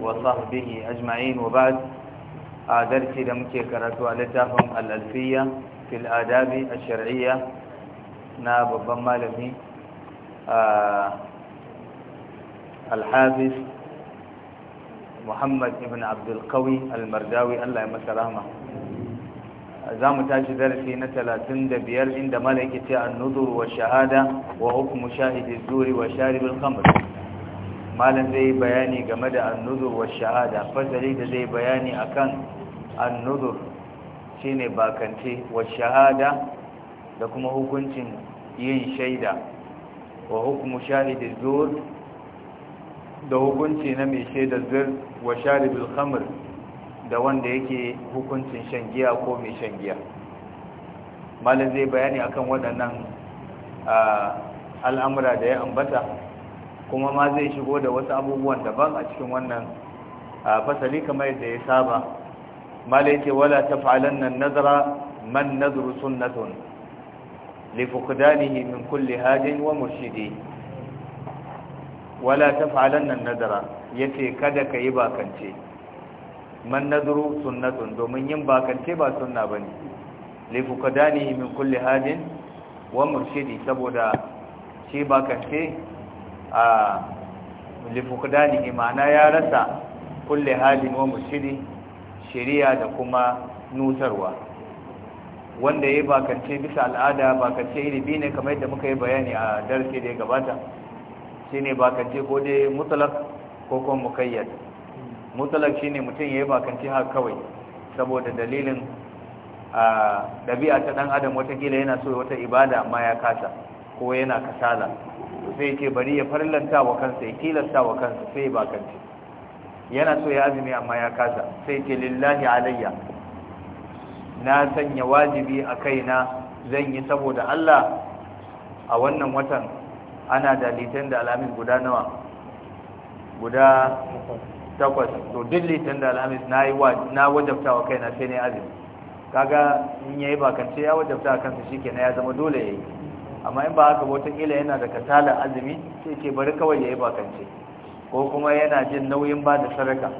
wasu bihi ajma'in wa ba'd adarci da muke karatu a littafin al'alfiya fil'adabi adabi a shari'a na babban malami a alhabis muhammad ibn abdulkawi almardawi allah ya masa rahama za mu tashi darasi na talatin da biyar inda malaikita annudur wa shahada wa hukumu shahidin zuri wa sharibin kamar malam zai bayani game da annuzur wa shahada fasali da zai bayani akan annuzur shine bakance wa shahada da kuma hukuncin yin shaida wa hukumu shahidin zuwa da hukunci na mai shaidar zir wa sharibul khamr da wanda yake hukuncin shan giya ko mai shan giya malam zai bayani akan waɗannan ah, al'amura da ya ambata kuma ma zai shigo da wasu abubuwan daban a cikin wannan fasali kamar yadda ya saba malaike wala ta falon nan nazara man nadru sunnatun li fuqdanihi min kulli hadin wa murshidi wala ta falon taf'alanna nadra yace kada ka yi bakance man nadru sunnatun domin yin bakance ba sunna bane li fuqdanihi min kulli hadin wa murshidi saboda shi bakance a lifukdani imana ya rasa kulle halin wa mushiri shari'a da kuma nutarwa wanda ya bakance bisa al'ada bakance ilimi ne kamar yadda muka yi bayani a darasi da ya gabata shine bakance ko dai mutalak ko kuma mutalak shi shine mutum ya yi bakance haka kawai saboda dalilin a ɗabi'a ta ɗan adam watakila yana so wata ibada amma ya kasa ko yana kasala sai ce bari ya farlanta wa kansa ya tilasta wa kansa sai ya kanti yana so ya azumi amma ya kasa sai ce lillahi alayya na sanya wajibi a kaina zan yi saboda Allah a wannan watan ana da litan da alamin guda nawa guda takwas to duk litan da alamin na wajabta wa kaina sai ne azumi kaga in yayi bakance ya wajabta kansa shikenan ya zama dole yayi amma in ba haka kila yana da katala azumi sai ce bari kawai ya yi bakance ko kuma yana jin nauyin ba da sadaka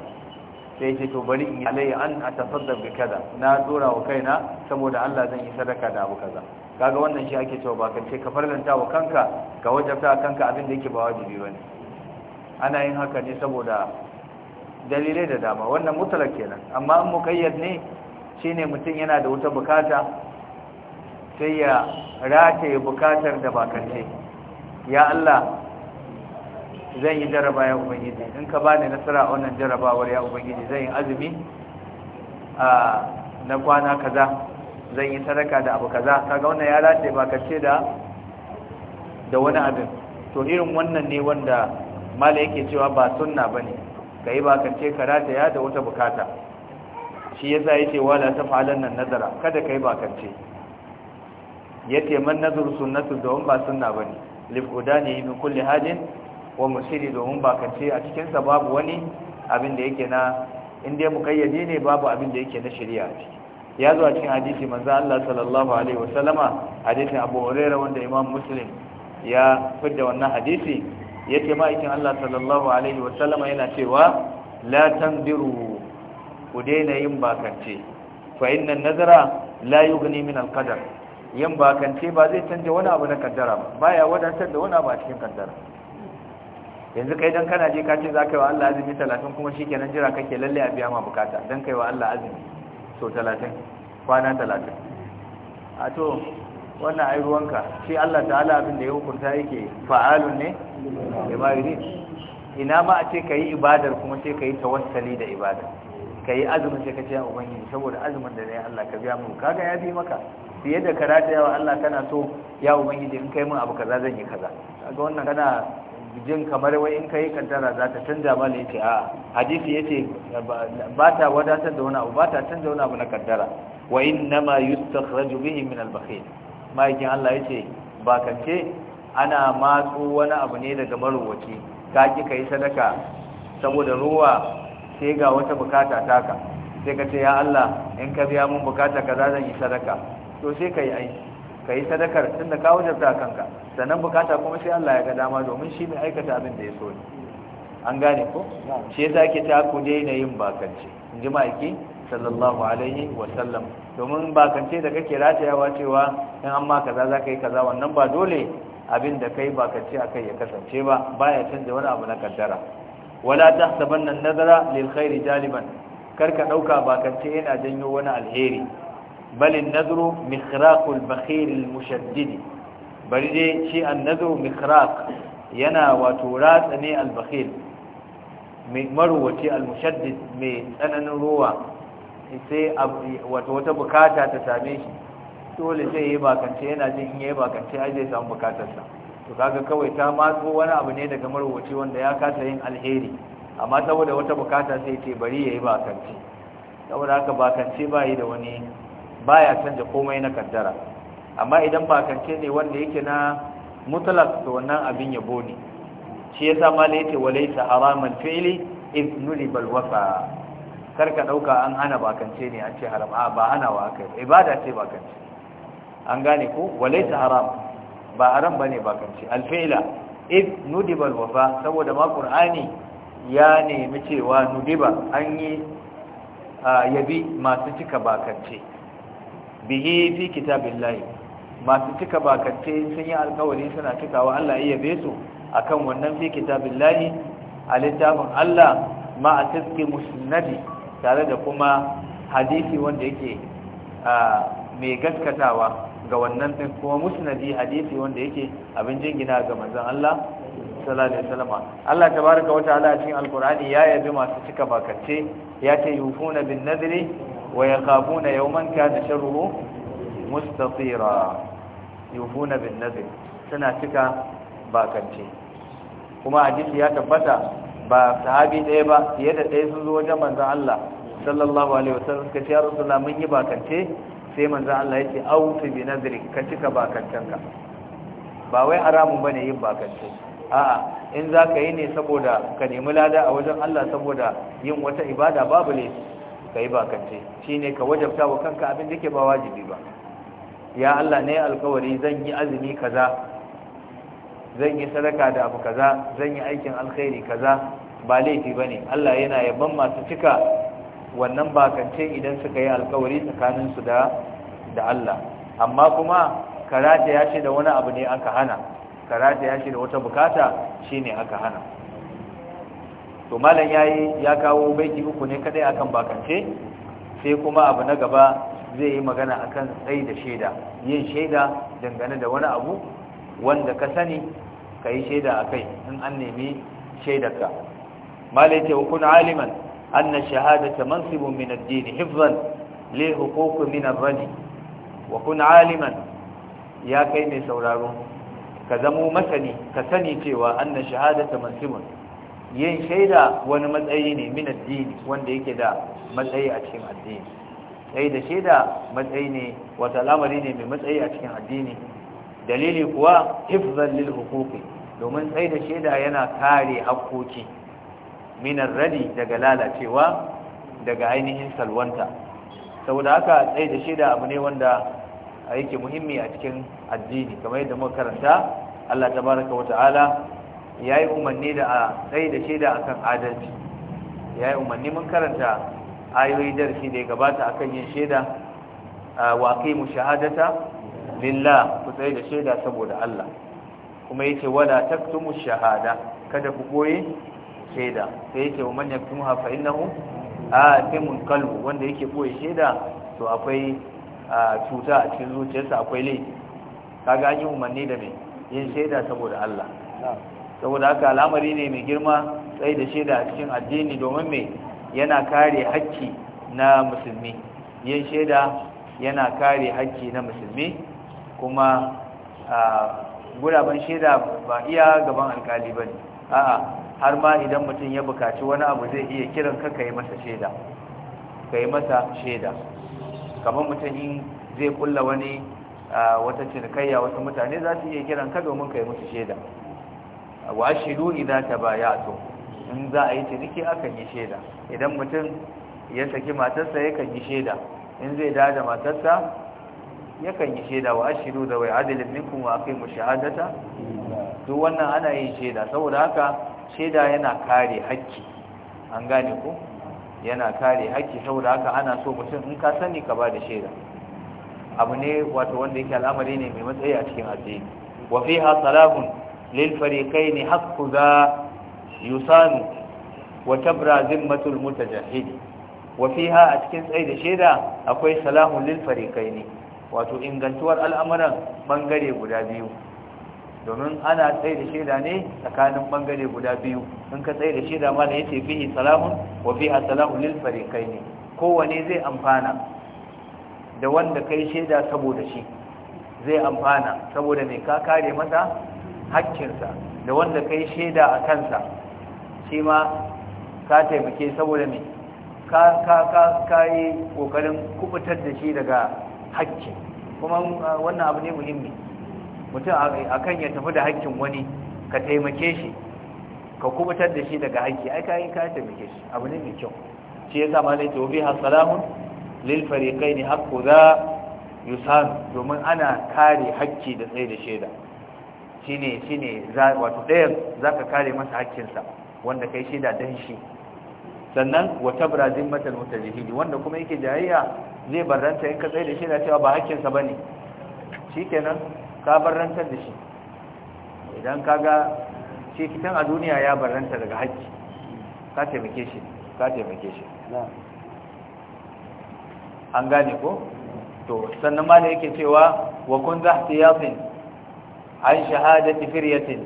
sai ce to bari in alayya an a tasaddaq bi kaza na tsora wa kaina saboda Allah zan yi sadaka da abu kaza kaga wannan shi ake cewa bakance ka farlanta wa kanka ka wajabta kanka abin da yake ba wajibi ne ana yin haka ne saboda dalilai da dama wannan mutlak kenan amma in muqayyad ne shine mutum yana da wata bukata sai ya rataye bukatar da bakarce ya Allah zan yi jaraba ya ubangiji in ka bani nasara a wannan jarabawar ya ubangiji zan yi azumi a na kwana kaza zan yi sadaka da abu kaza kaga wannan ya bakance da da wani abin to irin wannan ne wanda mala yake cewa ba sunna bane kai bakance ka ya da wata bukata shi yasa ce wala tafalan nan nazara kada kai bakance yace man nazar sunnatu domin ba sunna bane yi min kulle hadin wa musiri domin ba kace a cikinsa babu wani abin da yake na in dai mukayyade ne babu abin da yake na shari'a ya zo a cikin hadisi manzo Allah sallallahu alaihi wasallama hadisin Abu Hurairah wanda Imam Muslim ya fidda wannan hadisi yace ma'aikin Allah sallallahu alaihi wasallama yana cewa la tanziru ku daina yin bakance fa inna nazara la yughni min al yin bakance ba zai canja wani abu na kaddara ba baya wadatar da wani abu a cikin kaddara yanzu kai dan kana je ka ce za ka yi wa Allah azumi talatin kuma shi kenan jira kake lalle a biya ma bukata dan kai wa Allah azumi so talatin kwana talatin a to wannan ai ruwanka shi Allah ta'ala abin da ya hukunta yake fa'alun ne ba yi ina ma a ce kai ibadar kuma sai kai tawassali da ibada kai azumin sai ka ce ubangiji saboda azumin da ne Allah ka biya mu kaga ya bi maka fiye da karata yawa Allah tana so ya ubangiji in kai mun abu kaza zan yi kaza kaga wannan kana jin kamar wai in kai kaddara za ta canja ba ne yace a hadisi yace ba ta wadatar da wani abu ba ta canja wani abu na kaddara wa innama yustakhraju bihi min al-bakhil maaikin Allah yace ba kace ana matsu wani abu ne daga marowaci ka ki kai sadaka saboda ruwa sai ga wata bukata taka sai ka ce ya Allah in ka biya mun bukata kaza zan yi sadaka to sai ka yi aiki ka yi sadakar tun da ka wajabta kanka sannan bukata kuma sai Allah ya ga dama domin shi mai aikata abin da ya so ne an gane ko shi yasa ke ta ku daina yin bakance in ji ma'aiki sallallahu alaihi wa sallam domin bakance da kake ratayawa cewa in amma kaza za ka yi kaza wannan ba dole abin da kai bakance akai ya kasance ba baya canza wani abu na kaddara wala tahsabanna an-nazara lil khairi jaliban ka dauka bakance yana janyo wani alheri بل النذر مخراق البخيل المشدد بل دي bari dai shi ينا وتراثني البخيل yana wato ratsa ne al mai marwaci al mai tsananin ruwa sai wata bukata ta same shi dole sai yi bakance yana jin in yayi bakance ai zai samu bukatarsa to kaga kawai ta matso wani abu ne daga marwaci wanda ya kasa yin alheri amma saboda wata bukata sai ce bari yayi bakance saboda haka bakance ba yi da wani baya canja komai na kaddara amma idan bakance ne wanda yake na mutlaq to wannan abin yabo ne shi yasa malai yake walaysa haraman fi'li ibnul balwafa karka dauka an hana bakance ne an ce haram a ba ana wa kai ibada ce bakance an gane ko walaysa haram ba haram bane bakance alfi'la ibnul balwafa saboda ma qur'ani ya nemi cewa nudiba an yi yabi masu cika bakance bihi fi kitabillahi masu cika bakatte sun yi alkawari suna cikawa Allah iya be su akan wannan fi kitabillahi a littafin Allah ma a tiski musnadi tare da kuma hadisi wanda yake mai gaskatawa ga wannan din kuma musnadi hadisi wanda yake abin jingina ga manzon Allah sallallahu alaihi wasallam Allah tabaaraka wa ta'ala cikin alqur'ani ya yabi masu cika bakatte ya ce yufuna bin nadri ويخافون يوما كان شره مستطيرا يوفون بالنذر سنة تكا باكنتي وما عجيس يا تبتا ba sahabi ɗaya ba fiye da ɗaya sun zo wajen manzan Allah sallallahu alaihi wasallam kace ya rasulullah mun yi bakance sai manzan Allah yace autu bi ka cika ba wai yin a'a in zaka yi ne saboda ka nemi lada a wajen Allah saboda yin wata ibada babu ne ka yi bakance shi ne ka wajabta wa kanka abin da ke ba wajibi ba ya Allah ne alkawari zan yi azumi kaza zan yi sadaka da abu kaza zan yi aikin alkhairi kaza ba laifi ba ne Allah yana yabon masu cika wannan bakance idan suka yi alkawari tsakaninsu da da Allah amma kuma karata ya ce da wani abu ne aka hana karata ya ce da wata bukata shine aka hana to malam ya yi ya kawo baiti uku ne kadai akan bakance sai kuma abu na gaba zai yi magana akan tsayi da shaida yin shaida dangane da wani abu wanda ka sani ka yi shaida a kai in an nemi shaidarka malai ce hukun aliman anna ta mansibun min addini hifzan le hukuku min rani wa kun aliman ya kai mai sauraro ka zamo masani ka sani cewa an na shahada ta mansibun yin shaida wani matsayi ne min addini wanda yake da matsayi a cikin addini sai da shaida matsayi ne wata lamari ne mai matsayi a cikin addini dalili kuwa hifzan lil huquqi domin sai da shaida yana kare hakkoki min radi daga lalacewa daga ainihin salwanta saboda haka sai da shaida abu ne wanda yake muhimmi a cikin addini kamar yadda muka karanta Allah tabaraka wa ta'ala ya yi umarni da a tsaye da shaida a kan adalci ya yi umarni mun karanta ayoyi darasi da ya gabata a kan yin shaida wa waƙi mu shahadata lillah ku tsaye da shaida saboda Allah kuma ya ce wala mu shahada kada ku koye shaida sai ya ce wa manyan tun man yaktumu A innahu mun kalu, wanda yake koye shaida to akwai cuta a cikin zuciyarsa akwai laifi kaga an yi umarni da mai yin shaida saboda Allah saboda haka al'amari ne mai girma tsaye da shaida a cikin addini domin mai yana kare hakki na musulmi yin shaida yana kare hakki na musulmi kuma guraben shaida ba iya gaban alkali ba ne a'a har ma idan mutum ya bukaci wani abu zai iya kiran ka ka yi masa shaida ka masa shaida kamar mutum in zai kulla wani wata cinikayya wasu mutane za su iya kiran ka domin ka yi musu shaida wa ashidu idza tabayatu in za a yi ciniki akan yi sheda idan mutum ya saki matarsa ya kan yi sheda in zai dada da matarsa kan yi sheda wa da wai adalin minkum wa aqimu shahadata to wannan ana yin sheda saboda haka sheda yana kare haƙƙi an gane ko yana kare haƙƙi saboda haka ana so mutum in ka sani ka ba da sheda abu ne wato wanda yake al'amari ne mai matsayi a cikin addini wa fiha salahun lil fariqaini haqqu za yusanu wa tabra zimmatul mutajahhid wa fiha a cikin tsayi da sheda akwai salamun lil wato ingantuwar al'amuran bangare guda biyu domin ana tsaye da shaida ne tsakanin bangare guda biyu in ka tsaye da shaida ma da ya ce fihi salamun wa fiha salamun lil fariqaini kowane zai amfana da wanda kai shaida saboda shi zai amfana saboda mai ka kare masa hakkinsa da wanda kai shaida a kansa shi ma ka taimake saboda me ka ka ka yi kokarin kubutar da shi daga hakki kuma ah, wannan abu ne muhimmi mutum akan ya tafi da hakkin wani ka taimake shi ka kubutar da shi daga hakki ai ka yi ka taimake shi abu ne mai kyau shi yasa zai tobi biha salamun lil fariqaini haqqu za yusan domin ana kare hakki da tsaye da shaida shine shine wato ɗayan zaka kare masa hakkinsa wanda kai shaida dan shi sannan wa tabra zimmatal mutajahidi wanda kuma yake jayayya zai barranta in ka tsaye da shi na cewa ba hakkinsa bane shikenan ka barranta da shi idan kaga shi kitan a duniya ya barranta daga hakki ka taimake shi ka taimake shi an gane ko to sannan ma da yake cewa wa kun yafin An shahada ta ulu ila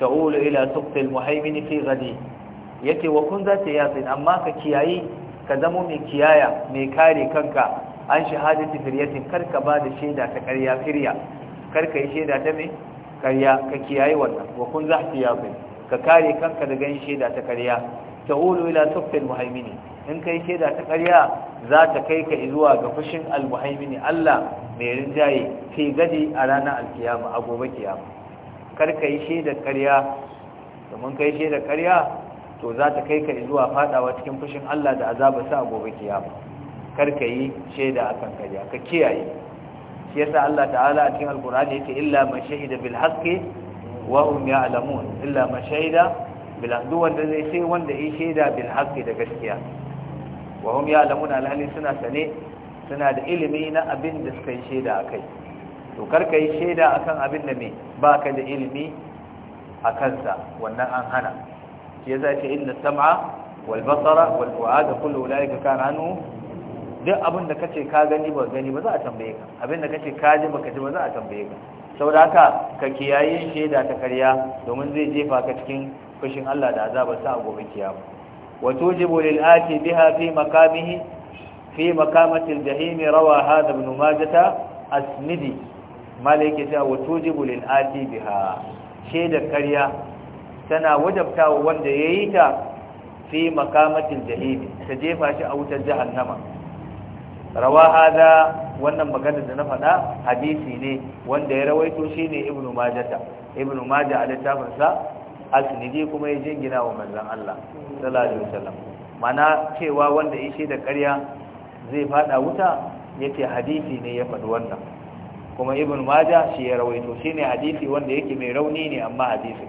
تقول الى سقط المهيمن ya ce wa kun za ta yi yasin amma ka kiyayi ka zama mai kiyaya mai kare kanka an shahada shahadati firyatin ka ba da shaida ta karya firiya, kar ka yi shaida ta mai karya ka kiyayi wannan wa kun za ta yi yasin ka kare kanka da ganin shaida ta karya ta ulu ila tuffin muhaimini in ka yi shaida ta karya za ta kai ka zuwa ga fushin al-muhaimini Allah mai rinjaye ce gadi a ranar alkiyama a gobe kiyama kar ka yi shaidar karya. domin ka yi shaidar karya, to za ta kai ka zuwa fadawa cikin fushin Allah da azaba sa a gobe kiyama kar ka yi shaida a kan ƙarya ka kiyaye shi yasa Allah ta'ala a cikin alkur'ani yake illa man shahida bil haqqi wa hum ya'lamun illa man shahida bil haqqi wanda zai sai wanda yi shaida bil haqqi da gaskiya wa hum ya'lamun alhali suna sane suna da ilimi na abin da suka yi shaida a kai to karka yi shaida a kan abin da mai ba ka da ilimi a kansa wannan an hana shi ya zace inda sam'a walbasara walfu'a da kullum la'ika kan hannu duk abin da kace ka gani ba gani ba za a tambaye ka abin da kace ka ji ba ka ji ba za a tambaye ka Sau da haka ka kiyaye shaida ta karya domin zai jefa ka cikin fushin Allah da azabarsa a gobe kiyama wato jibo lil'ati biha fi maqamihi fi makamatil jahimi rawa hada ibn majata asnidi malike ta wutujibu lil ati biha shaidar ƙarya tana wajabtawa wanda yayi ta fi makamatil jahimi ta jefa shi a wutar jahannama rawa hada wannan magana da na faɗa hadisi ne wanda ya rawaito shine ibnu majata ibnu maja a littafin sa asnidi kuma ya jingina wa manzon Allah sallallahu alaihi mana cewa wanda yake da karya. zai fada wuta yace hadisi ne ya faɗi wannan kuma ibn majah shi ya rawaito shine hadisi wanda yake mai rauni ne amma hadisi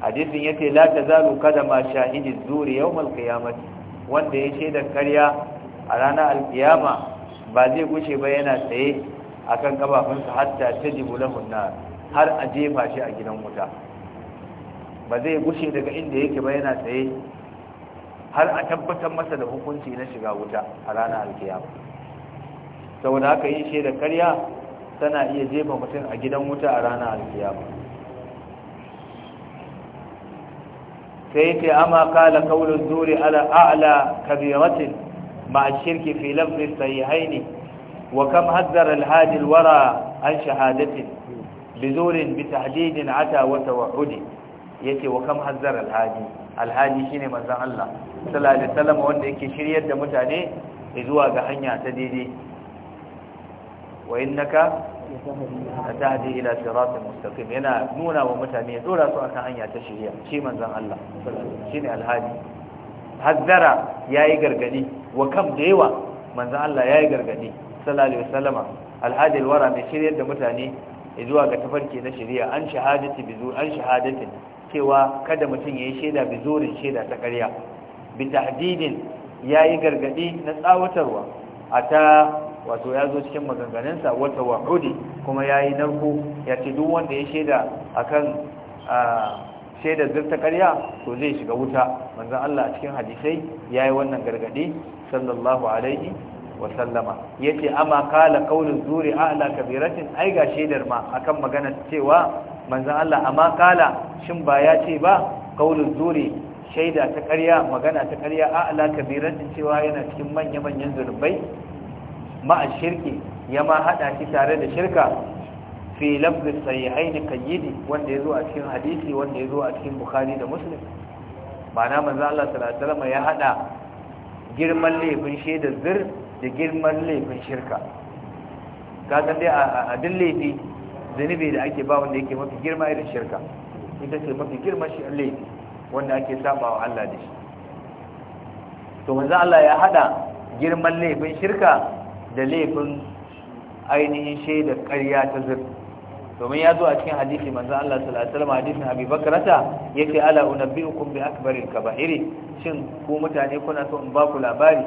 hadisin yace la tazalu kadama shahidi zuri yawm alqiyamah wanda ya da karya a ranar alkiyama ba zai gushe ba yana tsaye akan kafafunsa hatta tajibu lahu nar har a jefa shi a gidan wuta ba zai gushe daga inda yake ba yana tsaye har a tabbatar masa da hukunci na shiga wuta a ranar alkiyama saboda haka yin shaida karya tana iya jefa mutum a gidan wuta a ranar alkiyama sai ce amma kala kaulun zuri ala a'la kabiratin ma'a shirki fi lafzin sahihaini wa kam hazzara alhadi wara an shahadatin bizurin bi tahdidin ata wata wa tawahudi yace wa kam hazzara alhadi alhadi shine manzon Allah sallallahu salama wanda yake shiryar da mutane zuwa ga hanya ta daidai wa innaka tahdi ila siratin mustaqim yana nuna wa mutane ya dora su akan hanya ta shiriya shi manzon Allah shine alhaji hazzara yayi gargadi wa kam da yawa manzon Allah yayi gargadi sallallahu alaihi wasallama alhaji alwara mai shiryar da mutane zuwa ga tafarki na shiriya an shahadati bizu an shahadatin cewa kada mutum yayi sheda bizurin sheda ta ƙarya tahdidin yayi gargadi na tsawatarwa ata wato ya zo cikin maganganunsa wata wahudi kuma yayi narko ya ce duk wanda ya sheda akan shaidar zurta ƙarya to zai shiga wuta manzon Allah a cikin hadisai yayi wannan gargadi sallallahu alaihi wa sallama yace amma kala qaulun zuri a'la kabiratin ai ga shaidar ma akan magana cewa manzon Allah amma kala shin ba ya ce ba qaulun zuri shaida ta ƙarya magana ta ƙarya a ala kabiran cewa yana cikin manya-manyan zunubai ma'a shirki ya ma haɗa shi tare da shirka fi lafzin sahihaini kayyidi wanda ya zo a cikin hadisi wanda ya zo a cikin bukhari da muslim ma'ana manzo Allah sallallahu alaihi wasallam ya haɗa girman laifin shaida zir da girman laifin shirka kaga dai a duk laifi zunubi da ake ba wanda yake mafi girma irin shirka ita ce mafi girma shi laifi wanda ake saba wa Allah da shi to manzo Allah ya hada girman laifin shirka da laifin ainihin shaidar ƙarya ta zir domin ya zo a cikin hadisi manzo Allah sallallahu alaihi wasallam hadisin Abi Bakrata yace ala unabbiukum bi akbaril kaba'iri shin ku mutane kuna so in ba ku labari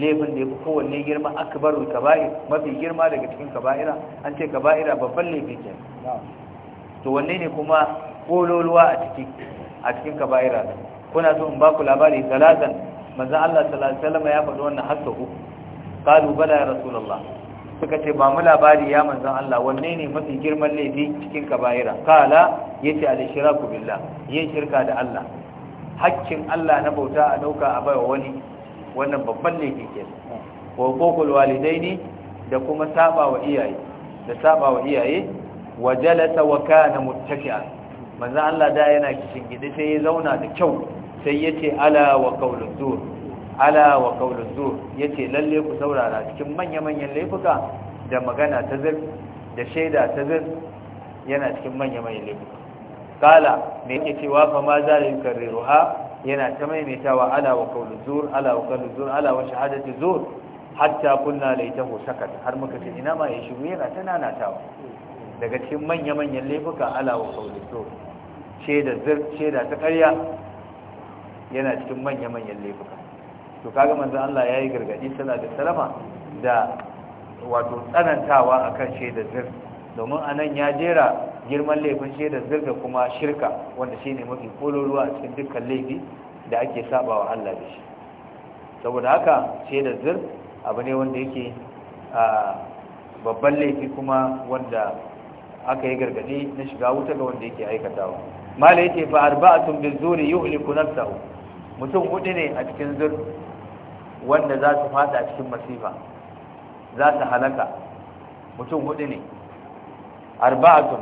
laifin da ya fi kowanne girma akbarul kaba'ir mafi girma daga cikin kaba'ira an ce kaba'ira babban laifi ke to wanne ne kuma kololuwa a ciki a cikin kaba'ira kuna so in ba ku labari salatan manzo Allah sallallahu alaihi wasallam ya faɗi wannan hasso uku qalu bala ya rasulullah suka ce ba mu labari ya manzon Allah wanne ne mafi girman laifi cikin kaba'ira kala yace al-shiraku billah yin shirka da Allah hakkin Allah na bauta a dauka a baiwa wani wannan babban laifi ke wa kokul walidaini da kuma saba wa iyaye da saba wa iyaye wa jalasa wa kana muttaki'an manzo Allah da yana kishin gidi sai ya zauna da kyau sai yace ala wa qauluz zur ala wa qauluz zur yace lalle ku saurara cikin manya-manyan laifuka da magana ta zir da shaida ta zir yana cikin manya-manyan laifuka kala me yake cewa fa ma za ha yana ta maimaitawa ala wa qauluz zur ala wa qauluz zur ala wa shahadatu zur hatta kunna laitahu sakat har muka ce ina ma ya shigo yana ta nanatawa daga cikin manya-manyan laifuka ala wa qauluz zur shaida zir shaida ta ƙarya yana cikin manya-manyan laifuka to kaga manzo Allah yayi gargadi sallallahu alaihi wasallam da wato tsanantawa akan shaida zir domin anan ya jera girman laifin shaida zir da kuma shirka wanda shine mafi kololuwa a cikin dukkan laifi da ake sabawa Allah da shi saboda haka shaida zir abu ne wanda yake babban laifi kuma wanda aka yi gargadi na shiga wuta ga wanda yake aikatawa mala ce fa arba'atun bizuri yuhliku nafsahu mutum hudu ne a cikin zur wanda za su fada a cikin masifa za su halaka mutum hudu ne arba'atun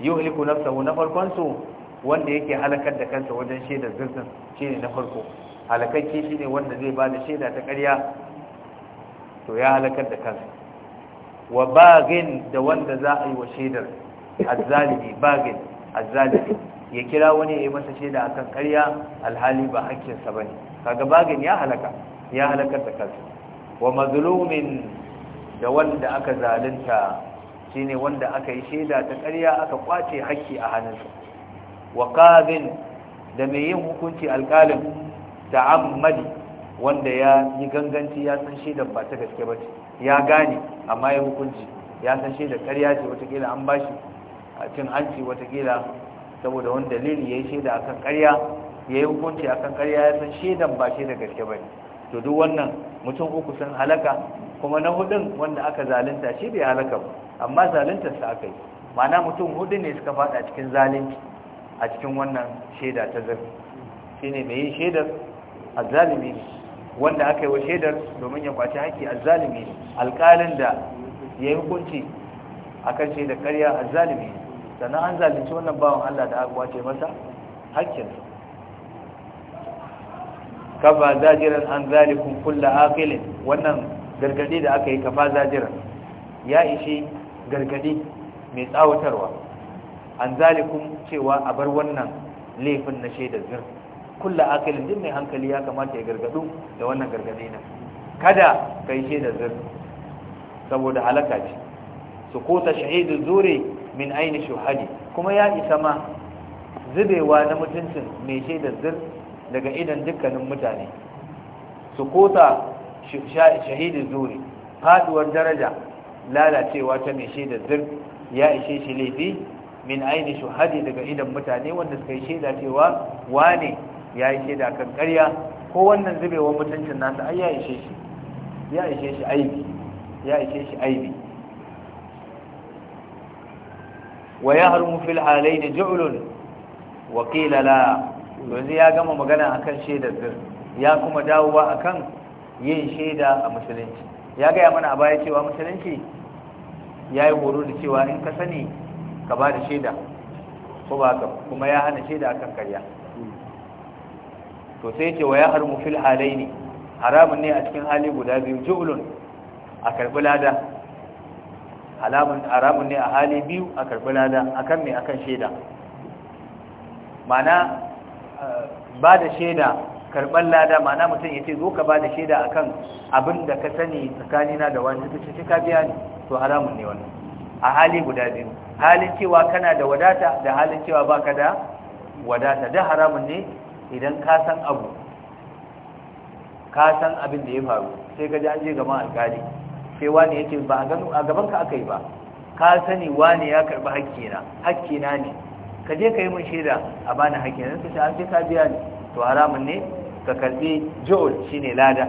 yuhliku nafsahu na farkon su wanda yake halakar da kansa wajen sheda zurfin shine na farko halakakke shine wanda zai bada shaida ta ƙarya to ya halakar da kansa wa bagin da wanda za a yi wa shaidar azzalimi bagin azzalimi ya kira wani ya yi masa shaida akan ƙarya alhali ba hakkinsa bane kaga bagin ya halaka ya halakar da kansa wa mazlumin da wanda aka zalunta shine wanda aka yi shaida ta ƙarya aka kwace hakki a hannunsa wa qadin da mai yin hukunci alƙalin ta'ammadi wanda ya yi ganganci ya san shaida ba ta gaske ba ce ya gane amma ya hukunci ya san shaida ƙarya ce wataƙila an bashi a cin hanci watakila saboda wani dalili ya yi shaida akan karya ya yi hukunci akan karya ya san shaidan ba shaida gaske ba to duk wannan mutum uku sun halaka kuma na hudun wanda aka zalunta shi bai halaka ba amma zaluntarsa aka yi mana mutum hudu ne suka faɗa a cikin zalunci a cikin wannan shaida ta zai shi ne mai yin shaidar azzalimi ne wanda aka yi wa shaidar domin ya kwaci haƙƙi azzalimi ne alƙalin da ya yi hukunci akan shaidar karya azzalimi ne sannan an zalunci wannan bawan Allah da aka kwace masa hakkinsa kafa zajiran an zalikun kulla akilin wannan gargadi da aka yi kafa zajiran ya ishi gargadi mai tsawatarwa an zalikun cewa a bar wannan laifin na shaidar zir kulla akilin din mai hankali ya kamata ya gargadu da wannan gargadi na kada yi shaidar zir saboda halaka ce su ko shahidu zure min aini shuhadi kuma ya isa ma zubewa na mutuncin mai shaidar zir daga idan dukkanin mutane su kota shahidin zuri faduwar daraja lalacewa ta mai shaidar zir ya ishe shi laifi min aini shuhadi daga idan mutane wanda suka yi shaida cewa wane ya yi shaida kan karya ko wannan zubewar mutuncin nasa ai ya ishe shi ya ishe shi aibi ya ishe shi aibi ويهرم في الحالين جعل وقيل لا yanzu ya gama magana akan shaidar zir ya kuma dawowa akan yin shaida a musulunci ya gaya mana a baya cewa musulunci ya yi horo da cewa in ka sani ka ba da shaida ko ba ka kuma ya hana shaida akan karya to sai ce wa ya harmu fil halai ne haramun ne a cikin hali guda biyu ju'ulun a karɓi lada alamun ne a hali biyu a karbi lada akan me akan shaida mana eh, ba da shaida karɓar lada mana mutum ya ce zo ka ba da shaida akan abin da ka sani tsakanina da wani ta ce ka biya ne to haramun ne wani. a hali guda biyu halin cewa kana da wadata da halin cewa baka da wadata da haramun ne idan ka san abu ka san abin da ya faru sai ka ji an je gama alkali sai wani yake ba a gano a gaban ka aka yi ba ka sani wani ya karbi hakkina hakkina ne ka je ka yi mun shaida a bani hakkina sai an ce ka biya ni to haramun ne ka karbi jo'ul shine lada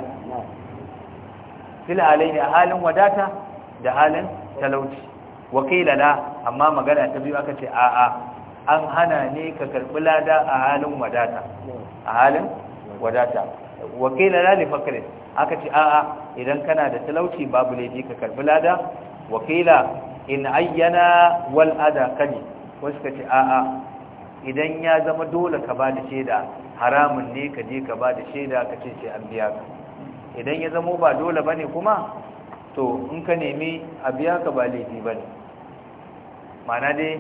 fil alaini a halin wadata da halin talauci wakila la amma magana ta biyu aka ce a'a an hana ne ka karbi lada a halin wadata a halin wadata wakila lali fakrin aka ce a'a idan kana da talauci babu laifi ka karbi lada wakila in ayyana wal'ada ada kaji wasu ka ce a'a idan ya zama dole ka ba da shaida haramun ne ka je ka ba da shaida ka ce sai an biya ka idan ya zama ba dole bane kuma to in ka nemi a biya ka ba laifi bane ma'ana dai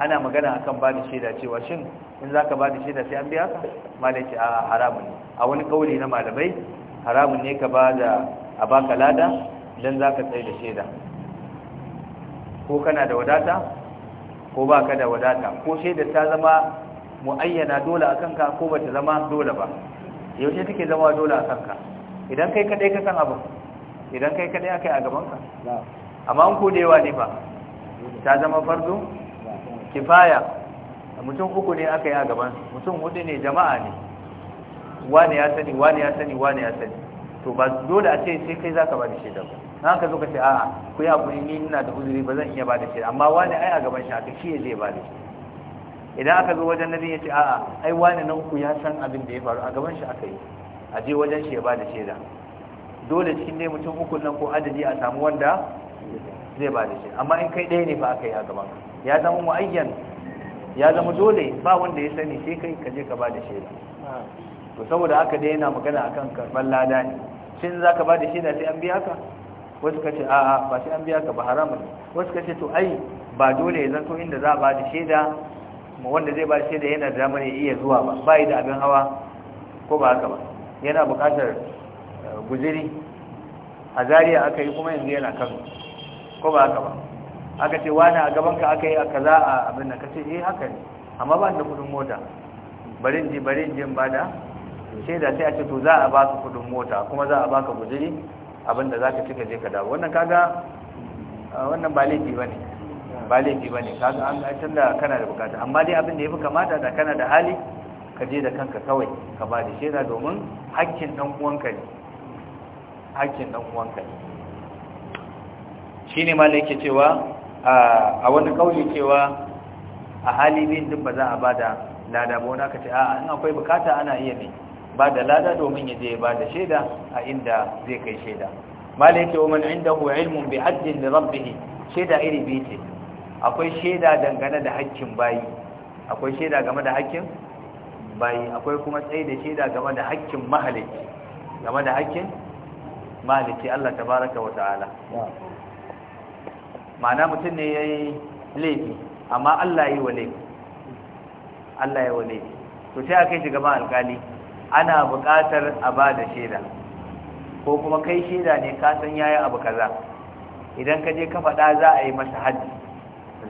ana magana akan ba da shaida cewa shin in za ka ba da shaida sai an biya ka malaci a haramun ne a wani kauli na malamai haramun ne ka ba da a baka lada za ka tsaye da shaida ko kana da wadata ko ba ka da wadata ko shaida ta zama muayyana dole a kanka ko ba ta zama dole ba yaushe take zama dole a kanka idan kai kadai ka san abu idan kai kadai akai a gaban ka amma an ko yawa ne ba ta zama fardu kifaya mutum uku ne aka yi a gaban mutum hudu ne jama'a ne wani ya sani wani ya sani wani ya sani to ba dole a ce sai kai zaka ba da shaida ba ka zo ka ce a'a ku yi hakuri ni ina da uzuri ba zan iya ba da shaida amma wani ai a gaban shi aka shi zai ba da shi idan aka zo wajen nabi ya ce a'a ai wani nan ku ya san abin da ya faru a gaban shi aka yi a je wajen shi ya ba da shaida dole cikin dai mutum uku nan ko adadi a samu wanda zai ba da shi amma in kai ɗaya ne fa aka yi a gaban ya zama mu'ayyan ya zama dole ba wanda ya sani sai kai ka je ka ba da shaida to saboda haka dai yana magana akan karban lada ne shin zaka ba da shaida sai an biya ka wasu kace a'a ba sai an biya ka ba haramun wasu kace to ai ba dole ya zanto inda za a ba da shaida wanda zai ba da shaida yana da damar iya zuwa ba yi da abin hawa ko ba haka ba yana buƙatar eh, guziri a zariya aka yi kuma yanzu yana kano ko ba haka ba aka ce wani a gaban ka aka yi a kaza a abin da ka ce eh haka ne amma ba da kudin mota barin ji barin jin ba da shaida sai a ce to za a baka kudin mota kuma za a baka gujiri abinda ka cika je ka dawo wannan kaga wannan ba laifi bane ba laifi ne kaga an ga tunda kana da bukata amma dai abin da ya fi kamata da kana da hali ka je da kanka kawai ka ba da shaida domin hakkin dan uwanka ne hakkin dan uwanka ne shine ma yake cewa a wani kauli cewa a hali bin duk ba za a bada lada ba wani aka ce a in akwai bukata ana iya ne ba da lada domin ya je ba da shaida a inda zai kai shaida malaka wa man indahu ilmun bi haddin li rabbih shaida iri biyu ce akwai shaida dangane da haƙƙin bayi akwai shaida game da haƙƙin bayi akwai kuma tsayi da shaida game da haƙƙin mahalicci game da haƙƙin mahalicci Allah tabaraka wa ta'ala ma'ana mutum ne yayi laifi amma Allah yi wa laifi Allah yi wa laifi to sai aka yi shi gaban alƙali ana buƙatar a ba da shaida ko kuma kai shaida ne ka san yayi abu kaza idan ka je ka faɗa za a yi masa haddi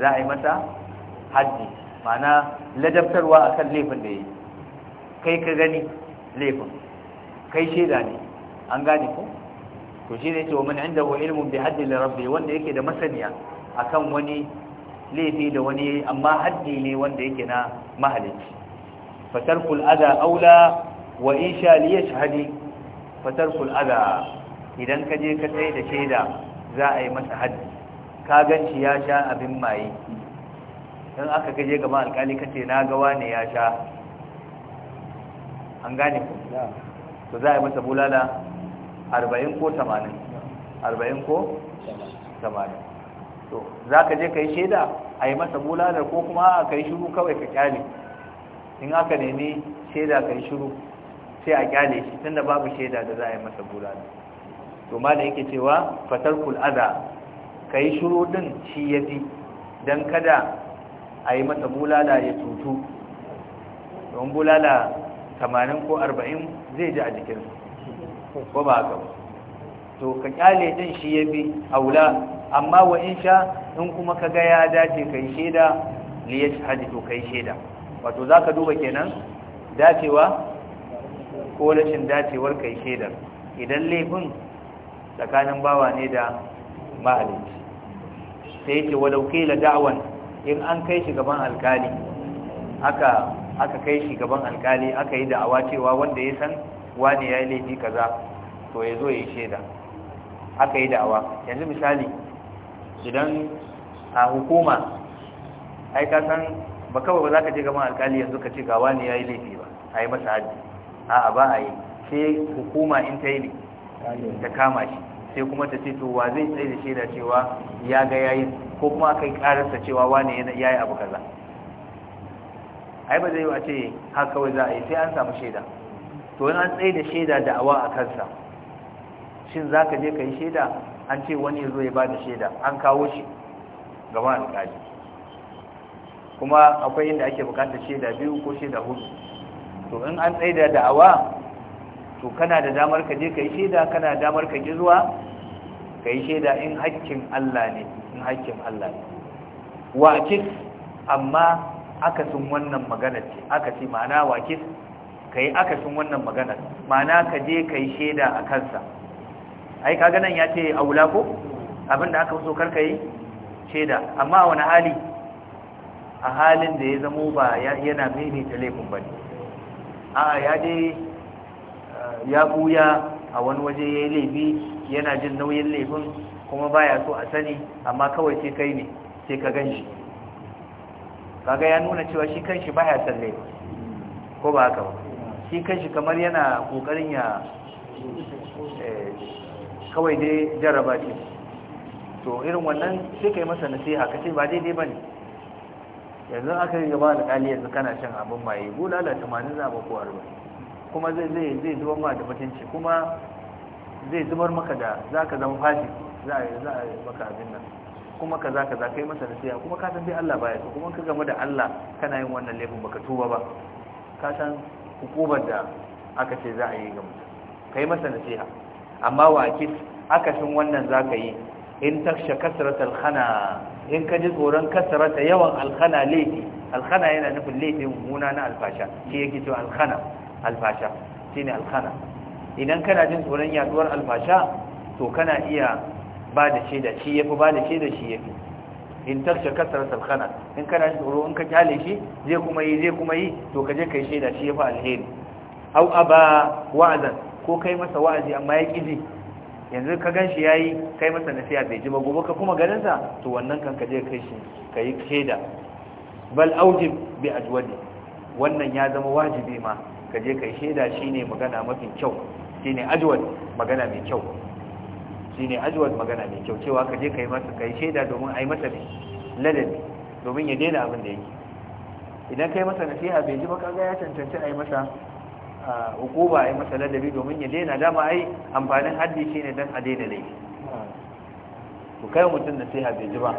za a yi masa haddi ma'ana ladabtarwa akan laifin da yi kai ka gani laifin kai shaida ne an gane ko to shi ne ce wa man indahu ilmun bi haddi li rabbi wanda yake da masaniya akan wani laifi da wani amma haddi ne wanda yake na mahalicci fatarkul adha aula wa in sha li yashhadi fatarkul adha idan ka je ka tsaye da shaida za a yi masa haddi ka ganci ya sha abin maye dan aka gaje gaban alkali kace na ga wani ya sha an gane ku to za a yi masa bulala arba'in ko 80 arba'in ko 80 to za ka je ka yi shaida a yi masa bulala ko kuma a ka yi shuru kawai ka kyale in aka nemi shaida ka yi shuru sai a kyale shi tunda babu shaida da za a yi masa bulala to ma da yake cewa fatarkul ka yi shiru din shi ya fi don kada a yi masa bulala ya tutu don bulala tamanin ko arba'in zai ji a jikin ko ba haka ba to ka kyale din shi ya a aula amma wa in sha in kuma ka ga ya dace yi sheda li shahadi to ka yi sheda wato za ka duba kenan dacewa ko rashin dacewar kai shaidar idan laifin tsakanin bawa ne da mahalici sai ce dauke da da'awan in an kai shi gaban alkali aka aka kai shi gaban alkali aka yi da'awa cewa wanda ya san wani ya yi laifi kaza to ya zo ya yi shaida aka yi da'awa yanzu misali idan a hukuma ai ka san ba kawai ba za ka je gaban alkali yanzu ka ce ga wani ya yi laifi ba a yi masa hajji a'a ba a yi sai hukuma in ta yi ne ta kama shi sai kuma ta ce to wa zai tsaye da shaida cewa ya ga yayin ko kuma aka yi kararsa cewa wane ya yi abu kaza ai ba zai ce har kawai za a yi sai an samu shaida to an tsaye da shaida da awa a kansa shin za ka je ka yi shaida an ce wani ya zo ya bada da shaida an kawo shi gaba alƙali kuma akwai inda ake bukatar shaida biyu ko shaida hudu to in an da da'awa to kana da damar ka je kai shaida kana da damar ka ji zuwa kai shaida in haƙƙin Allah ne in haƙƙin Allah ne wakis amma akasin wannan magana ce aka ce ma'ana wakis kai akasin wannan magana ma'ana ka je kai shaida a kansa ai kaga nan ya ce aula ko abinda aka so kar yi shaida amma wani hali a halin da ya zamo ba yana maimaita laifin ba. a ya je eh, ya buya a wani waje ya yi laifi yana jin nauyin laifin kuma baya so a sani amma kawai sai kai ne sai ka gan shi kaga ya nuna cewa shi kanshi baya son laifi ko ba haka ba shi kanshi kamar yana kokarin ya eh, kawai dai jaraba ce to irin wannan sai kai masa nasiha kace ba daidai bane yanzu aka yi gaba alƙali yanzu kana shan abin maye da tamanin za a ko arba'in kuma zai zai zai zubar ma da mutunci kuma zai zubar maka da za ka zama fashi za a yi maka abin nan kuma ka ka za za, ka yi masa nasiya kuma ka san dai Allah baya so kuma ka gama da Allah kana yin wannan laifin baka tuba ba ka san hukumar da aka ce za a yi ga mutum yi masa nasiya amma wa aka akasin wannan za ka yi in taksha kasratal khana in ka ji tsoron kasarata yawan alkhana laifi alkhana yana nufin laifin mummuna na alfasha shi yake cewa alkhana alfasha Shi ne alkhana idan kana jin tsoron yaduwar alfasha to kana iya ba da shaida shi yafi ba da shaida shi yafi in taksha kasarata alkhana in kana jin tsoro in ka kyale shi zai kuma yi zai kuma yi to ka je kai shaida shi yafi alheri au aba wa'azan ko kai masa wa'azi amma ya kiji yanzu ka gan shi ya yi kai masa nasiya bai ji ba gobe ka kuma ganinsa to wannan kan ka je kai shi ka yi shaida bal aujib bi ajwadi wannan ya zama wajibi ma ka je kai shaida shine magana mafi kyau shine ajwad magana mai kyau shine ajwad magana mai kyau cewa ka je kai masa kai shaida domin ai masa ne ladabi domin ya daina abin da yake idan kai masa nasiha bai ji ba kaga ya cancanci ai masa hukuba ai masa ladabi domin ya daina dama ai amfanin haddi ne don a daina laifi to kai mutum da sai bai ji ba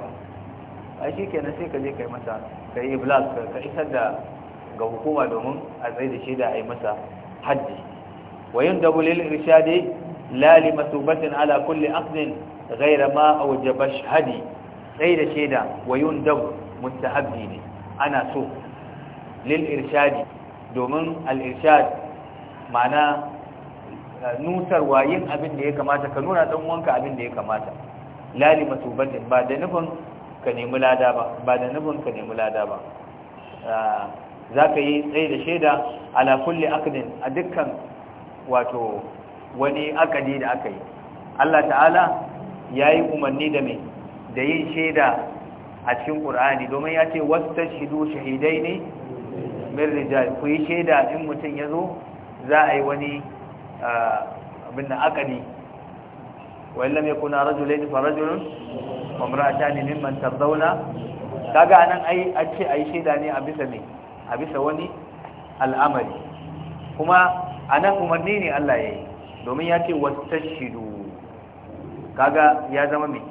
ai sai ka je kai masa kai iblas ka isar da ga hukuma domin a tsaye da shaida ai masa haddi wayin dabu lil irshadi lali masubatin ala kulli aqdin ghayra ma awjaba shahadi sai da shaida wayun dabu mustahabbi ne ana so lil irshadi domin al irshad ma'ana eh, nusarwa yin abin da ya kamata ka nuna dan wanka abin da ya kamata lali masubatin ba da nufin ka nemi lada ba ba da nufin ka nemi lada ba eh, za ka yi tsaye da shaida ala kulli akadin a dukkan wato wani akadi da aka yi Allah ta'ala ya yi umarni da mai da yin shaida a cikin ƙur'ani domin ya ce wasu shidu shahidai ne min ku yi shaida in mutum ya zo za a yi wani abin da akadi wa illam yakuna rajulain fa rajulun wa imra'atani mimman tardawna kaga anan nan a ce a yi shida ne a bisa ne a bisa wani al'amari kuma a nan umarni ne Allah ya yi, domin ya ce shidu kaga ya zama me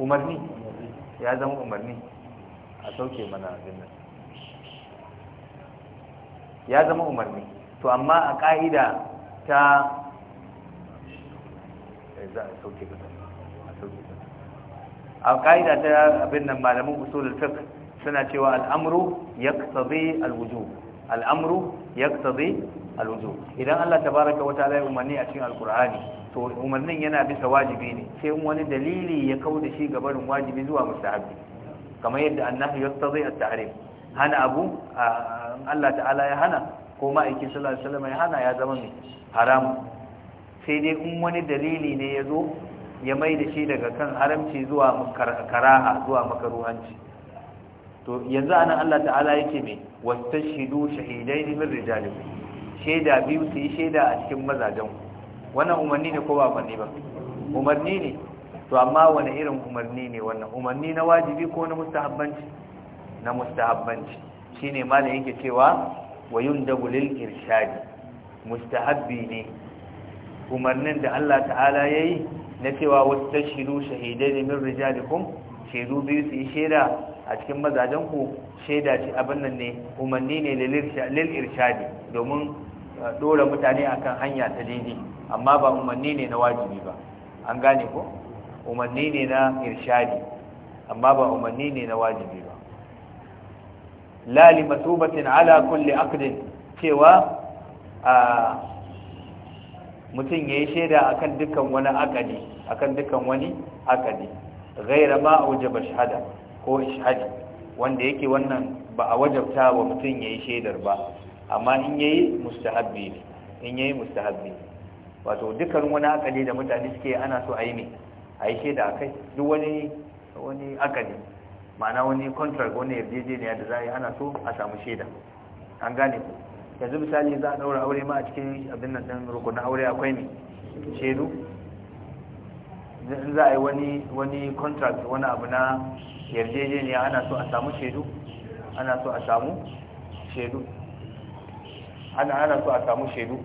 umarni ya zama umarni a sauke mana jinnan ya zama umarni to amma a ƙa'ida eh, ta a ƙa'ida ta abin nan malamin usulul fiqh suna cewa al'amru yaqtadi al al'amru yaqtadi idan Allah tabaaraka wa ta'ala ya umarni a cikin alqur'ani to umarnin yana bisa wajibi ne sai wani dalili ya kauda shi gabarin wajibi zuwa mustahabi kamar yadda annahu yaqtadi at-tahrim hana abu Allah ta'ala ya hana ko ma'aikin sallallahu alaihi wasallam ya hana ya zama mai haramu sai dai in wani dalili ne ya zo ya mai da shi daga kan haramci zuwa karaha zuwa makaruhanci to yanzu anan Allah ta'ala yake mai wastashidu shahidaini min rijalikum sheda biyu su yi sheda a cikin mazajen wannan umarni ne ko ba umarni ba umarni ne to amma wani irin umarni ne wannan umarni na wajibi ko na mustahabbanci na mustahabbanci shine malamin yake cewa wa da gulil irshadi mustahabbi ne umarnin da Allah ta'ala ya yi na cewa shiru shahidai ne min rijalikum shaidu biyu su yi shaida a cikin mazajenku shaida ce abin nan ne umarni ne lil irshadi domin dora mutane akan hanya ta daidai amma ba umarni ne na wajibi ba an gane ko umarni ne na irshadi amma ba umarni ne na wajibi ba lali matubatin ala kulli aqdin cewa a yi yayi sheda akan dukan wani akadi akan dukan wani akadi ghaira ma wajaba shahada ko shahadi wanda yake wannan ba a wajabta wa mutum yayi shedar ba amma in yayi mustahabbi ne in yayi mustahabbi wato dukan wani akadi da mutane suke ana so a yi ne a yi sheda akai duk wani wani akadi ma'ana wani contract wani yarjejeniya da za a yi ana so a samu shaida an gane ku yanzu misali za a daura aure ma a cikin abin nan ɗin rukunin aure akwai ne shaidu in za a yi wani wani contract wani abu na yarjejeniya ana so a samu shaidu ana so a samu shaidu ana ana so a samu shaidu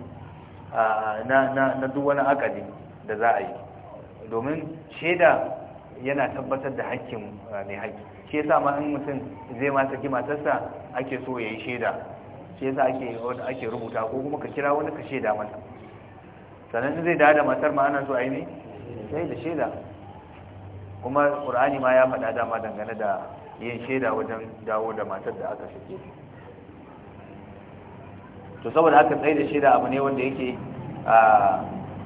na duk wani akadi da za a yi domin shaida yana tabbatar da hakkin mai haƙƙi shi yasa ma in mutum zai ma saki matarsa ake so ya yi shaida shi yasa ake wanda ake rubuta ko kuma ka kira wani ka shaida masa sannan zai dawo da matar ma ana so a yi ne sai da shaida kuma qur'ani ma ya faɗa dama dangane da yin shaida wajen dawo da matar da aka saki to saboda aka tsaye da shaida abu ne wanda yake ah,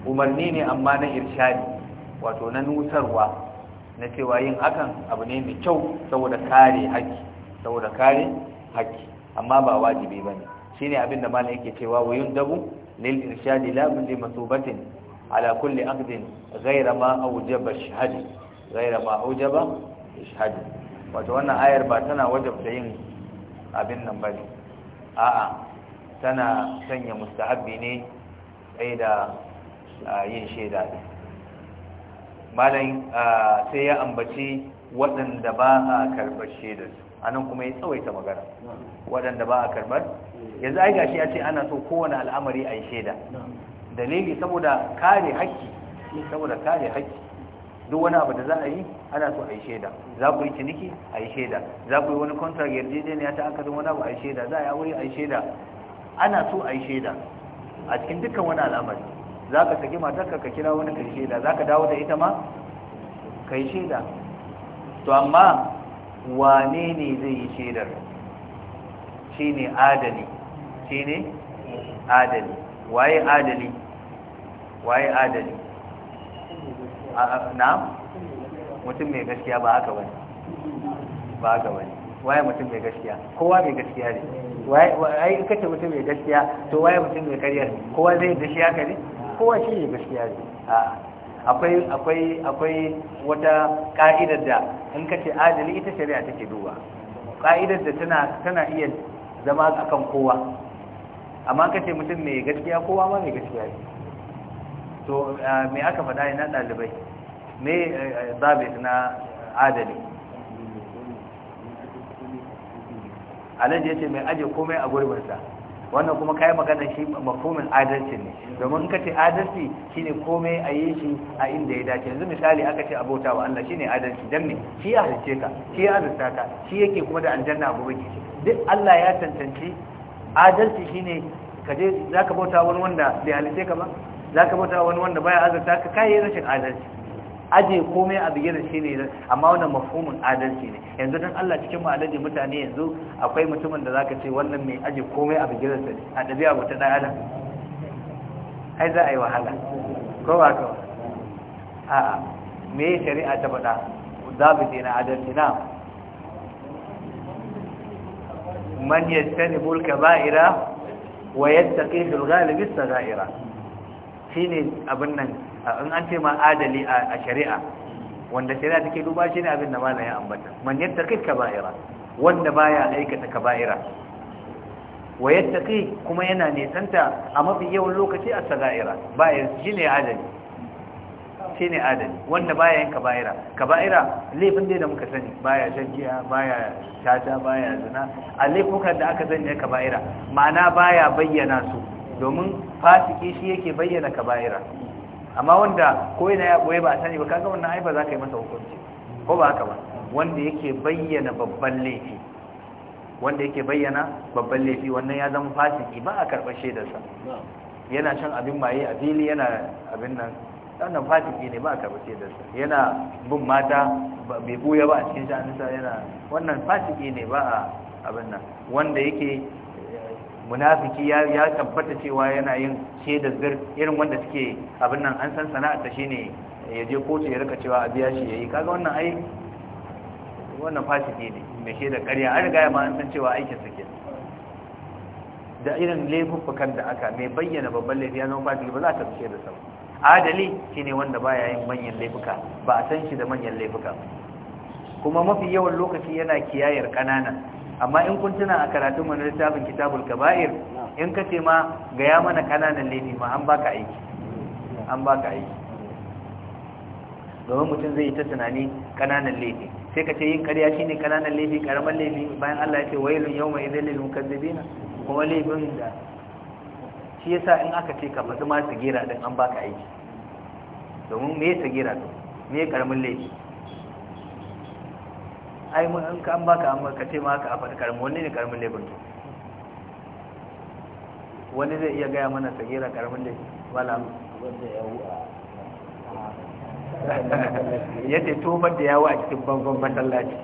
umarni ne amma na irshadi wato na nusarwa na cewa yin hakan abu ne mai kyau saboda kare haƙƙi saboda kare haƙƙi amma ba wajibi bane shine abin da malam yake cewa wayun dabu lil irshadi la bi masubatin ala kulli aqdin ghayra ma awjaba shahadi ghayra ma awjaba shahadi wato wannan ayar ba tana wajabta yin abin nan bane a'a tana sanya mustahabbi ne sai da yin shaida malam sai ya ambaci waɗanda ba a karɓar shaidar a nan kuma ya tsawaita magana waɗanda ba a karɓar yanzu ai gashi ya ce ana so kowane al'amari a yi shaida dalili saboda kare haƙƙi saboda kare haƙƙi duk wani abu da za a yi ana so a yi shaida za ku yi ciniki a yi shaida za ku yi wani contract yarjejeniya ta aka zama wani abu a yi shaida za a yi aure a yi shaida ana so a yi shaida a cikin dukkan wani al'amari za ka saki matarka ka kira wani kai shaida za ka dawo da ita ma kai shaida to amma wane ne zai yi shaidar shi ne adali shi ne adali waye adali waye adali na mutum mai gaskiya ba haka wani ba haka wani waye mutum mai gaskiya kowa mai gaskiya ne waye kace mutum mai gaskiya to waye mutum mai karyar? kowa zai gaskiya ka ne kowa shi ne gaskiya ne akwai akwai akwai wata ka'idar da in ka ce adali ita shari'a take duba ka'idar da tana tana iya zama akan kowa amma ka ce mutum mai gaskiya kowa ma mai gaskiya ne to me aka faɗa na ɗalibai me eh, eh, zabe na adali alaji ya ce mai aje komai a gurbinsa wannan kuma kai magana shi mafhumin adalci ne domin in kace adalci shine komai a yi shi a inda ya dace yanzu misali aka ce abota wa Allah shine adalci dan ne shi ya halice ka shi ya azurta ka shi yake kuma da aljanna gobe ki duk Allah ya tantance adalci shine kaje zaka bauta wani wanda bai halice ka ba zaka bauta wani wanda baya azurta ka kai rashin adalci aje komai a bigira shi ne amma wannan mafhumin adalci ne yanzu dan Allah cikin mu adalci mutane yanzu akwai mutumin da zaka ce wannan mai aje komai a bigire sa a dabi'a mutum dan adam ai za a yi wahala ko ba ka a me shari'a ta faɗa zabiti na adalci na man yajtanibul kaba'ira wa yattaqi fil ghalibi as-sagha'ira shine abin nan in an ce ma adali a shari'a wanda shari'a take duba shi ne abin da malamin ya ambata man yattaqi kaba'ira wanda baya aikata kaba'ira wa yattaqi kuma yana nisanta a mafi yawan lokaci a sagaira baya ne adali ne adali wanda baya yin kaba'ira kaba'ira laifin da muka sani baya shan giya baya tata baya zina a laifukan da aka sani kaba'ira ma'ana baya bayyana su domin fasiki shi yake bayyana kaba'ira amma wanda ko yana ya boye ba a sani ba kaga wannan haifa za ka yi masa hukunci ko ba haka ba wanda yake bayyana babban laifi wanda yake bayyana babban laifi wannan ya zama fasiki ba a karɓar shaidarsa yana shan abin maye a fili yana abin nan wannan fasiki ne ba a karɓar shaidarsa yana bin mata bai buya ba a cikin sha'aninsa yana wannan fasiki ne ba a abin nan wanda yake munafiki ya tabbata cewa yana yin shaidar zir irin wanda suke abin nan an san sana'ar ta shine ya je kotu ya rika cewa a biya shi yayi kaga wannan ai wannan fasiki ne mai shaidar ƙarya an riga ma an san cewa aikin sa ke da irin laifuffukan da aka mai bayyana babban laifi ya zama fasiki ba za ka fice da sau adali shine wanda baya yin manyan laifuka ba a san shi da manyan laifuka kuma mafi yawan lokaci yana kiyayar ƙanana amma in kun tuna a karatun wani littafin kitabul kaba'ir in ka ce ma ga ya mana kananan laifi ma an baka aiki an baka aiki domin mutum zai yi ta tunani kananan laifi sai ka ce yin karya shine kananan laifi karamar laifi bayan Allah ya ce wailun yawma idzal lil na. kuma laifin da shi yasa in aka ce ka faɗi ma sigira din an baka aiki domin me sigira to me karamin laifi ai mun an kan baka amma ka ce ma ka a faɗi karamin wanne ne karamin laifin to wani zai iya gaya mana sagira karamin da wala wanda ya wu'a ya ce tobar da yawo a cikin bangon masallaci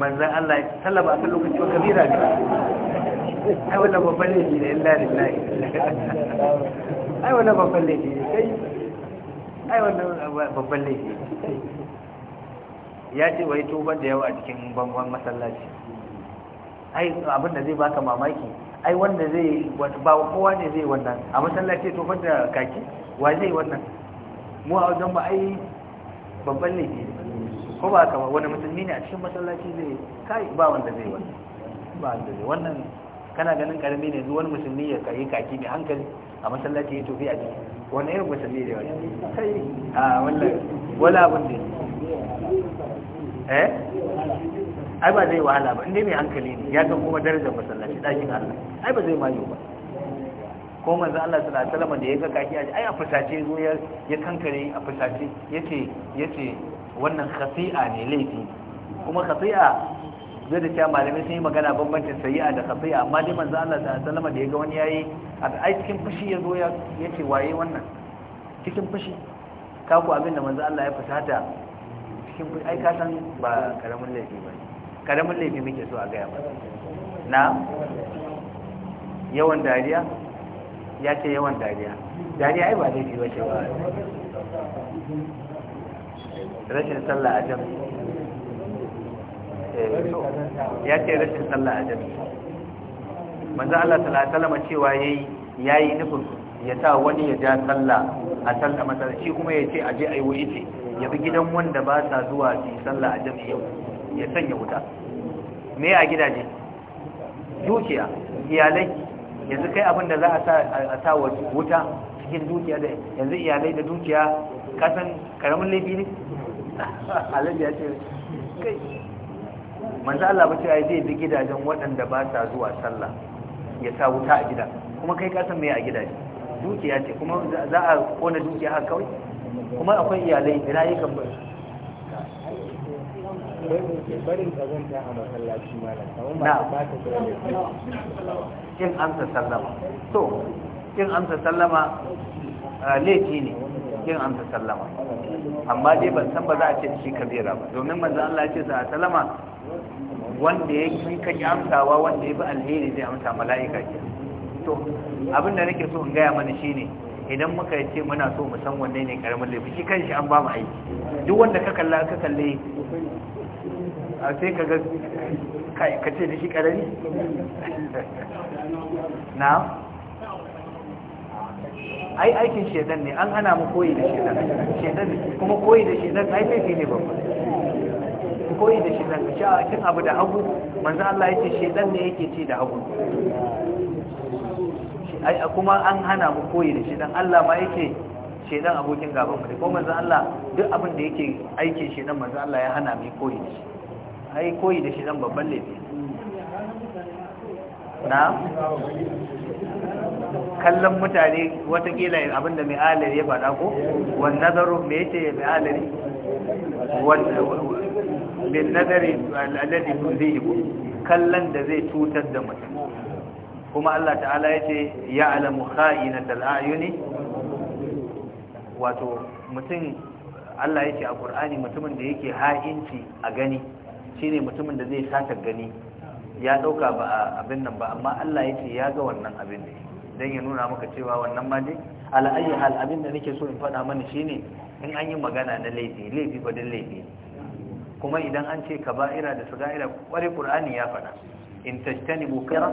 manzan Allah sallama talaba a lokacin kabira ne ai wannan babban laifi ne illa lillahi ai wannan babban laifi ne kai ai wannan babban laifi ne ya ce wai tuban da yawa a cikin bangon masallaci ai abin da zai baka mamaki ai wanda zai ba kowa ne zai wannan a masallaci tuban da kaki wa zai wannan mu a wajen ba ai babban laifi ko ba ka wani musulmi ne a cikin masallaci zai kai ba wanda zai wannan ba wanda zai wannan kana ganin karami ne zuwan musulmi ya kai kaki mai hankali a masallaci ya tofi a ciki wani irin musulmi ne wani a wannan wala abin da eh ai ba zai wahala ba inda mai hankali ne ya san kuma darajar masallaci ɗakin Allah ai ba zai mayo ba ko manzo Allah sallallahu alaihi wasallam da ya ga kaki a ai a fusace zo ya ya kankare a fusace yace yace wannan khasi'a ne laifi kuma khasi'a zai da cewa malamai sun yi magana bambancin sayi'a da khati'a amma dai manzo Allah sallallahu sallama da da yaga wani yayi a cikin fushi ya zo ya ce waye wannan cikin fushi ka ku abin da manzo Allah ya fusata cikin fushi ai ka san ba karamin laifi ba karamin laifi muke so a ga ba na yawan dariya ya ce yawan dariya dariya ai ba laifi ba ce ba rashin sallah a jami'a ya ce rashin sallah a jami'i manzo Allah sallallahu alaihi wasallam cewa yayi yayi nufin ya ta wani ya ja sallah a sallah masallaci kuma ya ce a je ayi wuce ya bi gidan wanda ba sa zuwa su sallah a jami'i ya sanya wuta me a gidaje dukiya iyalai yanzu kai abin da za a sa wuta cikin dukiya da yanzu iyalai da dukiya kasan karamin laifi ne alhaji ya ce kai manzo Allah ba ce ai zai bi gidajen waɗanda ba sa zuwa sallah ya sa wuta a gida kuma kai ka san me a gidaje dukiya ce kuma za a kona dukiya haka kawai kuma akwai iyalai ina yi kan barin kazanta ba amsa sallama to in amsa sallama ah, laifi ne kin amsa sallama amma dai ban san ba za a ce shi kabira ba domin manzo Allah ya ce sa sallama wanda ya yi ka yi amsawa wanda ya bi alheri zai amsa mala'ika ke to abin da nake so in gaya mana shine idan muka ce muna so mu san wanne ne karamin laifi shi kanshi an ba mu aiki duk wanda ka kalla ka kalle a sai ka ga ka ce da shi karami na ai aikin shedan ne an hana mu koyi da shedan shedan kuma koyi da shedan ai laifi ne babba ku koyi da shi ka sha kin abu da hagu manzo Allah yace shedan ne yake ci da hagu kuma an hana mu koyi da shedan Allah ma yake shedan abokin gaban mu ko manzo Allah duk abin da yake aikin shedan manzo Allah ya hana mu koyi da shi ai koyi da shedan babban laifi na kallon mutane watakila abinda mai alari ya faɗa ko wani nazaru mai yace mai alari bin nazari alladhi tudhibu kallan da zai tutar da mutum kuma Allah ta'ala yace ya'lamu kha'inatal a'yuni wato mutum Allah yace a Qur'ani mutumin da yake ha'inci a gani shine mutumin da zai saka gani ya dauka ba abin nan ba amma Allah yace ya ga wannan abin ne dan ya nuna maka cewa wannan ma dai ala ayyi hal abin da nake so in faɗa mana shine in an yi magana na laifi laifi ba dan laifi kuma idan an ce kaba'ira da suga'ira kware qur'ani ya faɗa in tajtanibu bukira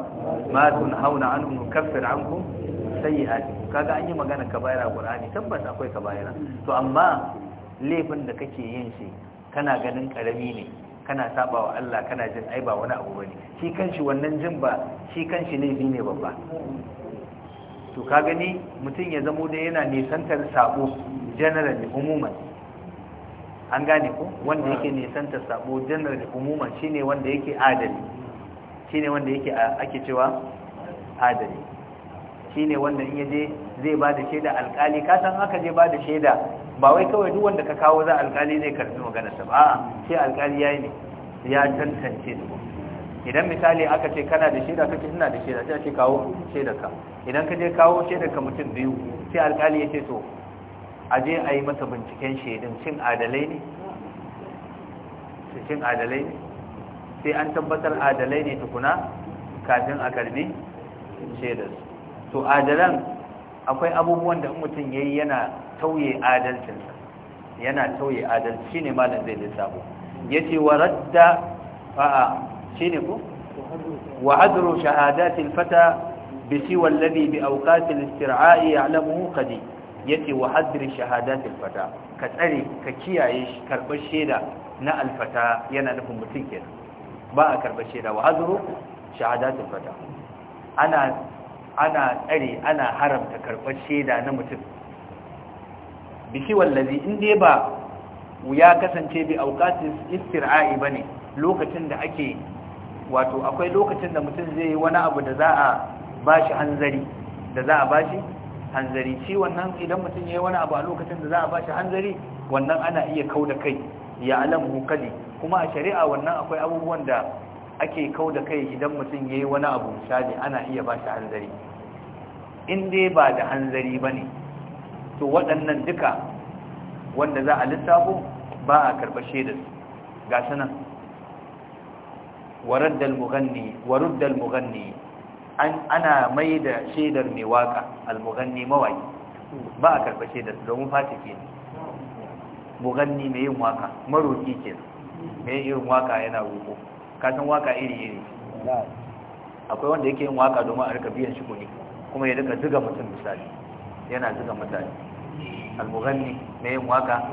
ma tunhauna anhu nukaffir ankum sayyi'atikum kaga an yi magana kaba'ira qur'ani tabbas akwai kaba'ira to amma laifin da kake yin shi kana ganin karami ne kana saba wa Allah kana jin ai ba wani abu bane shi kanshi wannan jin ba shi kanshi laifi ne babba to ka gani mutum ya zamo da yana nisantar sabo generally umuman an gane ko wanda yake nisanta sabo da umuman shine wanda yake adali shine wanda yake ake cewa adali shine wanda in yaje zai ba da shaida alkali ka san aka je ba da shaida ba wai kawai duk wanda ka kawo za alkali zai karbi magana ta ba sai alkali yayi ne ya tantance su idan misali aka ce kana da shaida kake ina da shaida sai a ce kawo ka idan ka je kawo ka mutum biyu sai alkali ya ce to Aje a yi masa binciken shaidun cin adalai ne cin adalai ne sai an tabbatar adalai ne tukuna kafin a karbi shaidun to adalan akwai abubuwan da mutum ya yi yana tauye adalcinsa yana tauye adalci ne malin zai ya ce wa radda a'a ne ku wa adru shahadati fata bi siwa alladhi bi awqat istira'a istirai alamu kadi yace wa hadri shahadatil fata ka tsare ka kiyaye karbar shaida na alfata yana nufin mutum ke ba a karbar shaida wa hadru shahadatul fata ana tsare ana haramta karbar shaida na mutum biki wallazi inde ba ya kasance bi auqatis istir'a'i bane lokacin da ake wato akwai lokacin da mutum zai yi wani abu da za a bashi hanzari da za a bashi hanzari ciwon nan idan mutum ya yi wani abu a lokacin da za a bashi hanzari wannan ana iya kau da kai ya alamu kadi kuma a shari'a wannan akwai abubuwan da ake kau da kai idan mutum ya yi wani abu misali ana iya bashi hanzari in dai ba da hanzari ba ne to waɗannan duka wanda za a lissafo ba a karɓar shaidarsu ga sanan warar dal mughanni ana mai da shaidar mai waka almughanni mawaki ba a karɓa shaidar domin fatike ne mughanni mai yin waka maroki ke mai irin waka yana roko kasan waka iri-iri akwai wanda yake yin waka domin a rika biyan shi kuɗi kuma ya rika ziga mutum misali yana ziga mutane almughanni mai yin waka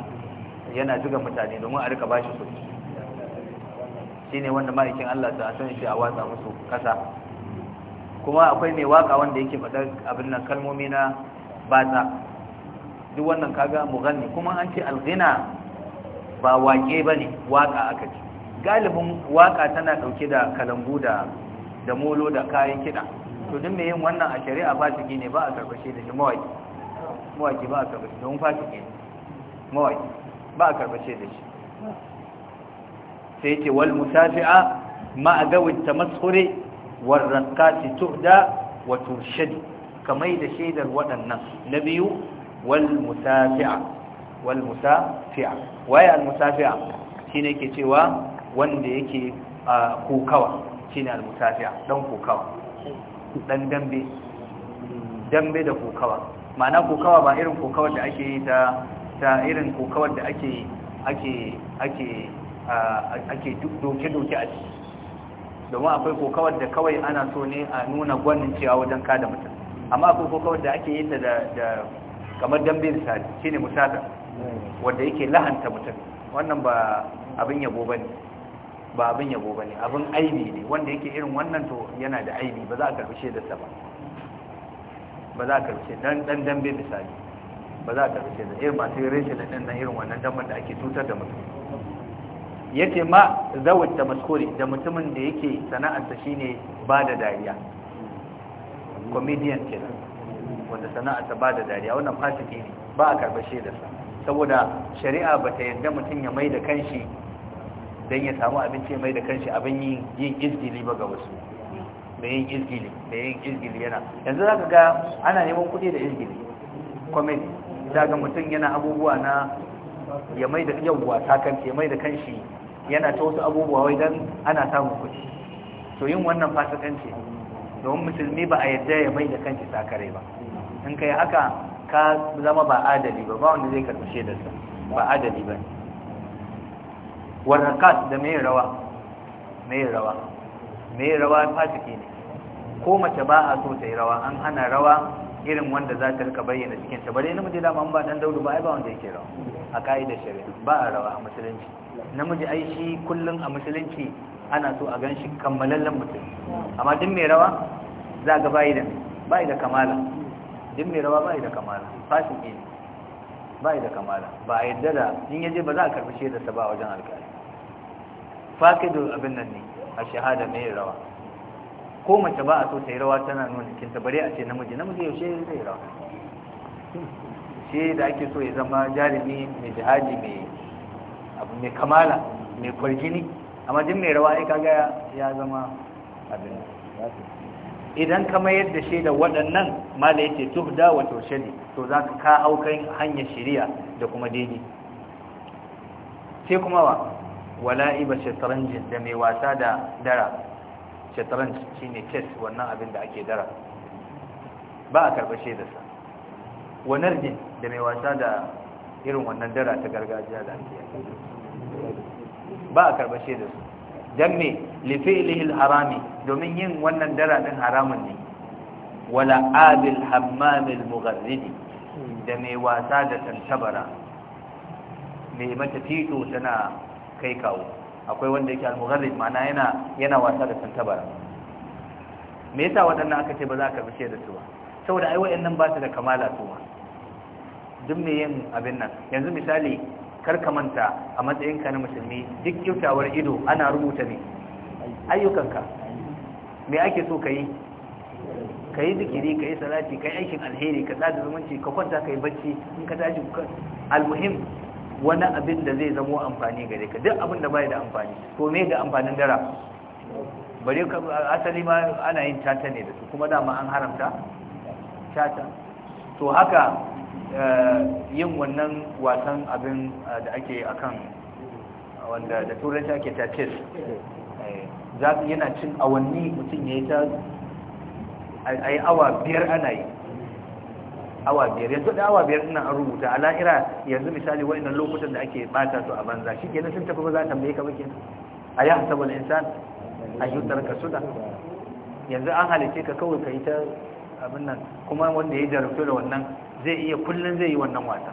yana ziga mutane domin a rika bashi kuɗi shine wanda ma'aikin Allah ta san shi a watsa musu kasa kuma akwai mai waka wanda yake faɗar abin nan kalmomi na batsa duk wannan kaga mughanni kuma an ce alghina ba wake bane waka aka ce galibin waka tana dauke da kalangu da da molo da kayan kida to din mai yin wannan a shari'a fasiki ne ba a karbace da shi mawaki mawaki ba a karbace don fasiki ne mawaki ba a karbace da shi sai ce wal musafi'a ma agawi warraƙati tuhda wa turshadi kamai da shaidar waɗannan na biyu wal musafi'a wal musafi'a waye al musafi'a shine yake cewa wanda yake kokawa shine al musafi'a dan kokawa dan dambe dambe da kokawa ma'ana kokawa ba irin kokawar da ake yi ta ta irin kokawar da ake ake ake ake doke-doke a ciki domin akwai kokawar da kawai ana so ne a nuna gwanin cewa wajen kada mutum amma akwai kokawar da ake yi ta da kamar dambe misali shine musada wanda yake lahanta mutum wannan ba abin yabo ne ba abin yabo ne abin aibi ne wanda yake irin wannan to yana da aibi ba za a karbi da ba ba za a karbi dan dan dambe misali ba za a karbi da irin masu yin da dan irin wannan damban da ake tutar da mutum yace ma zawat da maskuri da mutumin da yake sana'arsa shine ba da dariya comedian kenan wanda sana'arsa ba da dariya wannan fasiki ne ba a da sa saboda shari'a ba ta yadda mutum ya mai da kanshi don ya samu abinci ya mai da kanshi abin yin izgili ba ga wasu mai yin izgili mai yin izgili yana yanzu za ka ga ana neman kuɗi da izgili comedy za ga mutum yana abubuwa na ya mai da yawwa sakanci ya mai da kanshi yana ta wasu abubuwa wai dan ana samun kuɗi to yin wannan fasikanci domin musulmi ba a yadda ya mai da kanki sakare ba in kai haka ka zama ba adali ba ba wanda zai karɓi sa ba adali ba ne warrakat da mai rawa mai rawa mai rawa fasiki ne ko mace ba a so ta yi rawa an hana rawa irin wanda za ta rika bayyana ta bare namiji mu an ba dan daudu ba ai ba wanda yake rawa a ka'idar shari'a ba a rawa a musulunci namiji ai shi kullum a musulunci ana so a gan shi kammalallen mutum amma duk mai rawa za ga bayi da bayi da kamala duk mai rawa bayi da kamala fashin ne bayi da kamala ba a yadda da in yaje ba za a karbi shaidar sa ba wajen alƙali fakidu abin nan ne a shahada mai rawa ko mace ba a so ta yi rawa tana nuna kinta bare a ce namiji namiji yaushe zai rawa shi da ake so ya zama jarumi mai jihadi mai abu mai kamala mai kwargini amma jin mai rawa ya kaga ya zama abin idan ka mayar da shi da waɗannan da yake tuhda wa toshadi to za ka ka aukan hanyar shiriya da kuma daidai sai kuma wa wala'iba shataranjin da mai wasa da dara shi ne chess wannan abin da ake dara ba a karɓar shaidarsa wa narjin da mai wasa da irin wannan dara ta gargajiya da ake yi ba a karɓar shaidar su don me li fi'lihi harami domin yin wannan dara ɗin haramun ne wala abil hammam mugarrini da mai wasa da tantabara mai mata fito tana kai kawo akwai wanda yake al mugharrid ma'ana yana yana wasa da tantabara me yasa waɗannan aka ce ba za ka fice da su ba saboda ai nan ba su da kamala su ba duk me yin abin nan yanzu misali kar ka manta a matsayinka na musulmi duk kyautawar ido ana rubuta ne ayyukanka me ake so ka yi ka yi zikiri ka yi salati ka yi aikin alheri ka tsada zumunci ka kwanta ka yi bacci in ka tashi almuhim wani abin da zai zamo amfani gare ka duk abin da bai da amfani to me ga amfanin dara bare ka asali ma ana yin tata ne da su kuma dama an haramta tata to haka Eh, yin wannan wasan abin eh, da ake akan wanda da turanci ake tatis eh, za su yana cin awanni mutum ya yi ta a yi awa biyar ana yi awa biyar yanzu da awa biyar ina an rubuta a la'ira yanzu misali wani nan lokutan da ake bata su a banza shi ke sun tafi za a tambaye ka ba a yi hasabar insan a yi tarka suda yanzu an halice ka kawai ka yi ta abin nan kuma wanda ya jarumto da wannan zai iya kullum zai yi wannan wasa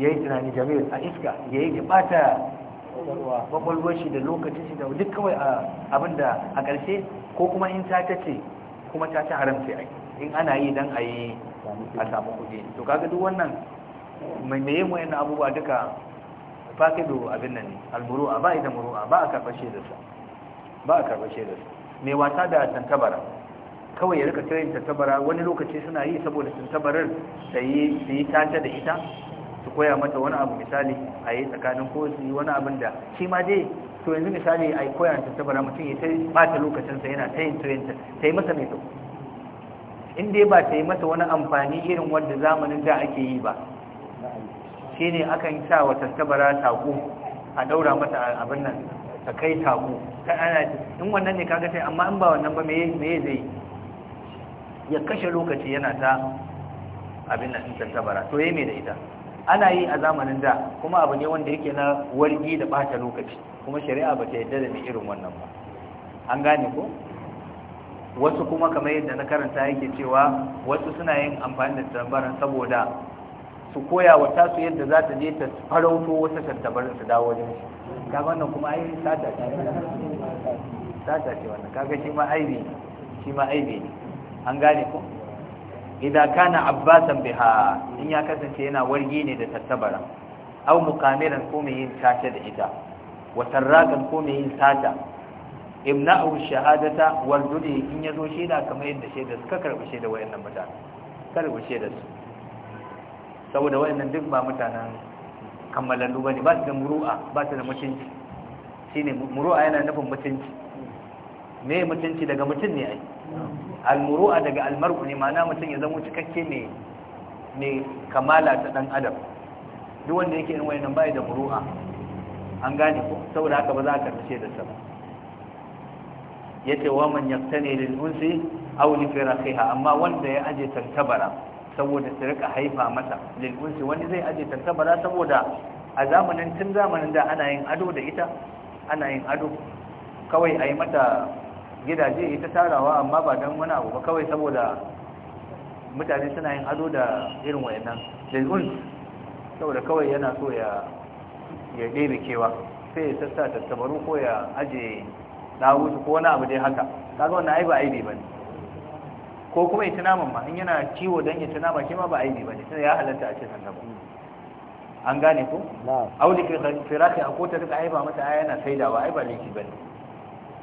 ya yi tunani jami'ai a iska ya yi bata kwakwalwar shi da lokacin shi da duk kawai abin da a ƙarshe ko kuma in ta ta ce kuma ta ta ya in ana yi don a yi a samu kuɗi to kaga duk wannan mai mai mu yana abubuwa duka fakido abin nan ne alburu'a ba ita muru'a ba a karɓar shaidarsa ba a karɓar shaidarsa mai wasa da tantabara kawai ya rika tayin tattabara wani lokaci suna yi saboda tattabarar da yi tata da ita su koya mata wani abu misali a yi tsakanin ko su yi wani abin da shi ma dai to yanzu misali a yi koya tattabara mutum ya ta bata lokacinsa yana tayin tayin ta yi masa mai kyau in dai ba ta yi masa wani amfani irin wanda zamanin da ake yi ba shi ne akan sa wa tattabara taku a daura mata abin nan ta kai taku ta ana in wannan ne kaga sai amma in ba wannan ba me me zai ya kashe lokaci yana ta abin nan tantabara to yayi me da ita ana yi a zamanin da kuma abu ne wanda yake na wargi da bata lokaci kuma shari'a ba ta yadda da ni irin wannan ba an gane ko wasu kuma kamar yadda na karanta yake cewa wasu suna yin amfani da tantabaran saboda su koya wa tasu yadda za ta je ta farauto wata tantabaran su dawo wajen shi ga wannan kuma ai sata ce sata ce wannan kaga shi ma aibi shi ma aibi ne an gane ko idza kana abbasan biha in ya kasance yana warge ne da tattabara aw muqamiran ko me yin tace da ita wa sarraqan ko me yin sata imna'u shahadata wal dudi in yazo shaida kamar yadda shaida suka karbi shaida wayannan mutane karbi shaida su saboda wayannan duk ba mutanen kammalallu bane ba su da muru'a ba su da mutunci shine muru'a yana nufin mutunci me mutunci daga mutun ne ai almuru'a daga almar'u ne ma'ana mutum ya zama cikakke ne ne kamala ta dan adam duk wanda yake irin wayannan bai da muru'a an gane ko saboda haka ba za ka tace da sama yace wa man yaktani lil unsi aw li firaqiha amma wanda ya aje tantabara saboda su rika haifa mata lil unsi wani zai aje tantabara saboda a zamanin tun zamanin da ana yin ado da ita ana yin ado kawai a yi mata gidaje ita tarawa amma ba don wani abu ba kawai saboda mutane suna yin ado da irin wayannan jirgin saboda kawai yana so ya ɗebe kewa sai ya sassa tattabaru ko ya aje ɗawusu ko wani abu dai haka kaga wannan ai ba aibi ba ne ko kuma ya ci naman ma in yana ciwo don ya ci nama shi ma ba aibi ba ne ya halatta a ce sanda ba an gane ko? auli firafi a ko ta duka ai ba mata yana saidawa Aiba ba ba ne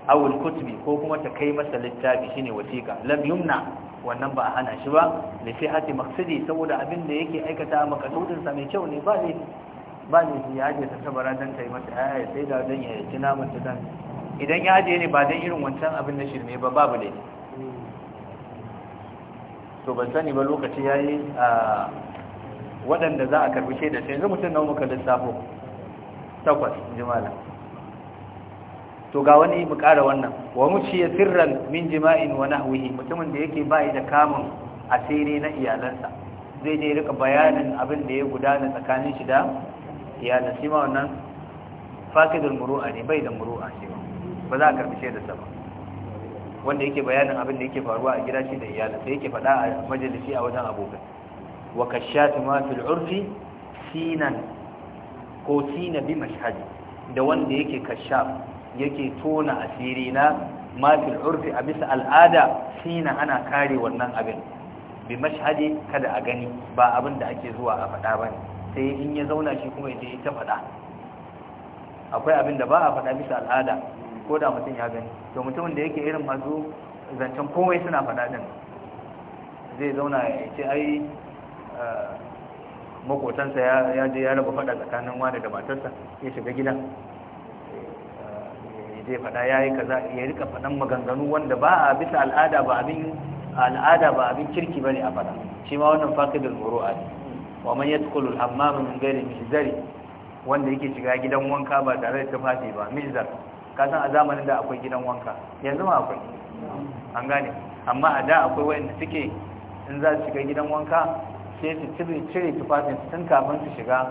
awul kutubi ko kuma ta kai masa littafi shine wasiƙa lam yumna wannan ba a hana shi ba ne sai hati maksudi saboda abin da yake aikata makasudin sa mai kyau ne ba ne ba ne ya je ta tabara dan kai masa aya sai da dan ya yi namun ta dan idan ya je ne ba dan irin wancan abin da shirme ba babu ne to ban sani ba lokaci yayi a waɗanda za a karbi da sai yanzu mutum nawa muka lissafo takwas jimala to ga wani mu ƙara wannan wa muciya sirran min jima'in wa nahwihi mutumin da yake bai da kamun asiri na iyalansa zai je rika bayanin abin da ya gudana tsakanin shi da iyalan shi ma wannan faqidul muru'a ne bai da muru'a shi ba za a karbi shi da sama wanda yake bayanin abin da yake faruwa a gida shi da iyalansa yake faɗa a majalisi a wajen abokai wa kashatu ma fil urfi sinan ko sina bi mashhadi da wanda yake kashaf yake tona asiri na mafil urfi a bisa al'ada sina ana kare wannan abin bi mashhadi kada a gani ba abin da ake zuwa a faɗa ne sai in ya zauna shi kuma yaje ta faɗa akwai abin da ba a faɗa bisa al'ada ko da mutum ya gani to mutumin da yake irin masu zancen komai suna faɗa din zai zauna ya ce ai eh, makotansa ya je ya raba faɗa tsakanin wani da matarsa ya shiga gidan je faɗa ya yi kaza ya rika faɗan maganganu wanda ba a bisa al'ada ba abin al'ada ba abin kirki ba ne a faɗa shi ma wannan fakidul muru'a ne wa man yadkhulu al-hammam min ghairi mihzari wanda yake shiga gidan wanka ba tare da tufafi ba mihzar ka san a zamanin da akwai gidan wanka yanzu ma akwai an gane amma a da akwai wanda suke in za su shiga gidan wanka sai su cire tufafin tun kafin su shiga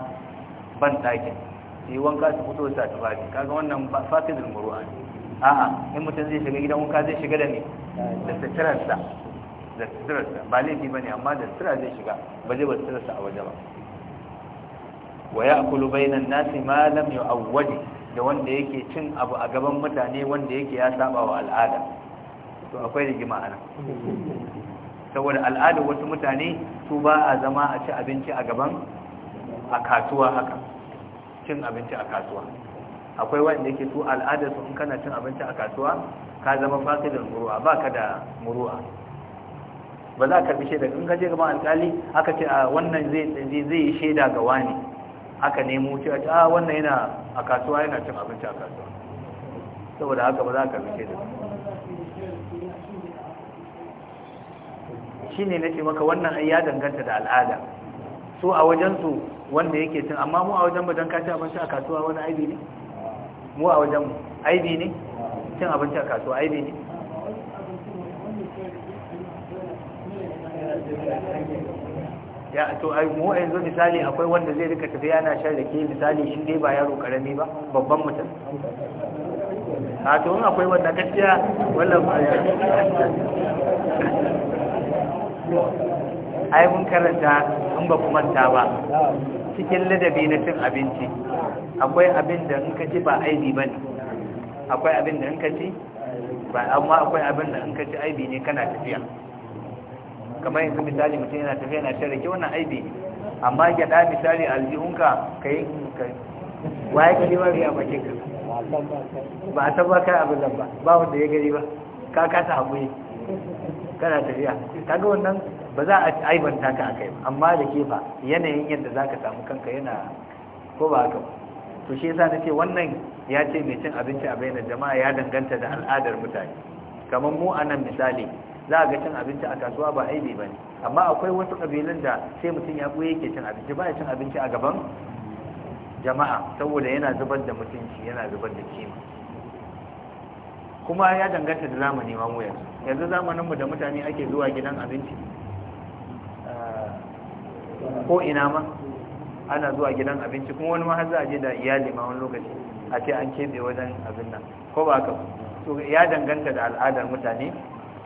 ban ɗakin su yi wanka su fito da tufafi kaga wannan ba fasidul muru'a ne a'a in mutum zai shiga gidan wanka zai shiga da ne da sitirarsa da sitirarsa ba laifi bane amma da sutura zai shiga ba zai ba sitirarsa a waje ba wa ya'kulu bainan nasi ma lam yu'awwadi da wanda yake cin abu a gaban mutane wanda yake ya saba wa al'ada to akwai rigima ana saboda al'adar wasu mutane su ba a zama a ci abinci a gaban a kasuwa haka cin abinci a kasuwa akwai wanda yake su al'ada su in kana cin abinci a kasuwa ka zama fasidin muru'a ba ka da muru'a ba za ka bi shaida in ka je gaban alƙali aka ce a wannan zai zai shaida ga wani aka nemo cewa a wannan yana a kasuwa yana cin abinci a kasuwa saboda haka ba za ka bi shaida shine nace maka wannan ai ya danganta da al'ada su a wajen su wanda yake cin amma mu a wajen mu kashi ka ci abinci a kasuwa wani aibi ne mu a wajen mu aibi ne cin abinci a kasuwa aibi ne ya to ai mu yanzu misali akwai wanda zai rika tafiya yana shan rake misali in dai ba yaro karami ba babban mutum a to in akwai wanda gaskiya wannan ba ya ai mun karanta in ba ku manta ba cikin ladabi na cin abinci akwai abin da in ka ci ba aibi ba ne akwai abin da in ka ci ba amma akwai abin da in ka ci aibi ne kana tafiya kamar yanzu misali mutum yana tafiya yana tare ke wannan aibi amma amma gyada misali aljihunka ka yi waye ka liwa riya bakin ka ba a taba kai abin da ba ba wanda ya gari ba ka kasa haƙuri kana tafiya kaga wannan ba za a aibanta ka a kai ba amma da ke ba yanayin yadda za ka samu kanka yana ko ba haka to shi yasa nace wannan ya ce mai cin abinci a bayyana jama'a ya danganta da al'adar mutane kamar mu a nan misali za a ga cin abinci a kasuwa ba aibi ba ne amma akwai wasu ƙabilun da sai mutum ya ɓoye ke cin abinci ba ya cin abinci a gaban jama'a saboda yana zubar da mutunci yana zubar da kima kuma ya danganta da zamani ma mu yanzu yanzu zamaninmu da mutane ake zuwa gidan abinci ko ina ma ana zuwa gidan abinci kuma wani ma a je da iyali ma wani lokaci a ce an kebe wajen abin nan ko ba ka to ya danganta da al'adar mutane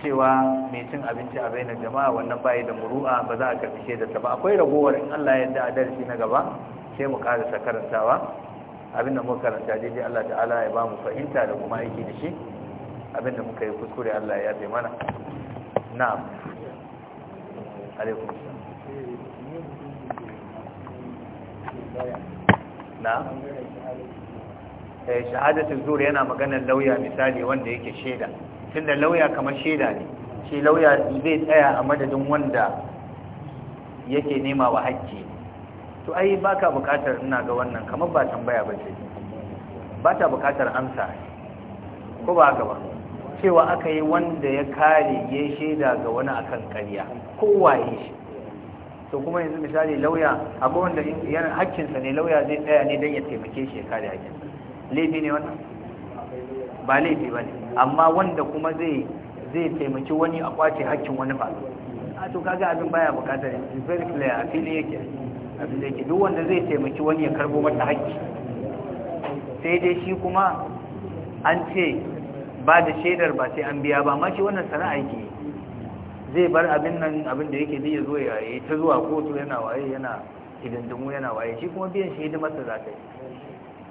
cewa mai cin abinci a bainar jama'a wannan bayi da muru'a ba za a karbi da ta ba akwai ragowar in Allah ya yarda darasi na gaba sai mu karasa karantawa da muka karanta daidai Allah ta'ala ya ba mu fahimta da kuma aiki da shi da muka yi kuskure Allah ya yafe mana na'am alaikum na eh, shahadatul zuri yana maganar lauya misali wanda yake shaida tunda lauya kamar shaida ne shi lauya zai tsaya a madadin wanda yake nema wa hakki to ai baka buƙatar ina ga wannan kamar ba tambaya ba ce ba ta buƙatar amsa ko ba ga ba cewa aka yi wanda ya kare ya shaida ga wani akan ƙarya Ko waye shi to kuma yanzu misali lauya abu wanda yana hakkinsa ne lauya zai tsaya ne don ya taimake shi ya kare hakkinsa laifi ne wannan ba laifi ba ne amma wanda kuma zai zai taimaki wani a kwace hakkin wani ba a to kaga abin baya bukatar it's very clear a fili yake a da yake duk wanda zai taimaki wani ya karbo mata hakki sai dai shi kuma an ce ba da shaidar ba sai an biya ba amma shi wannan sana'a yake zai bar abin nan abin da yake zo zuwa yi ta zuwa kotu yana waye yana hidindimu yana waye shi kuma biyan shi hidimarsa za ta yi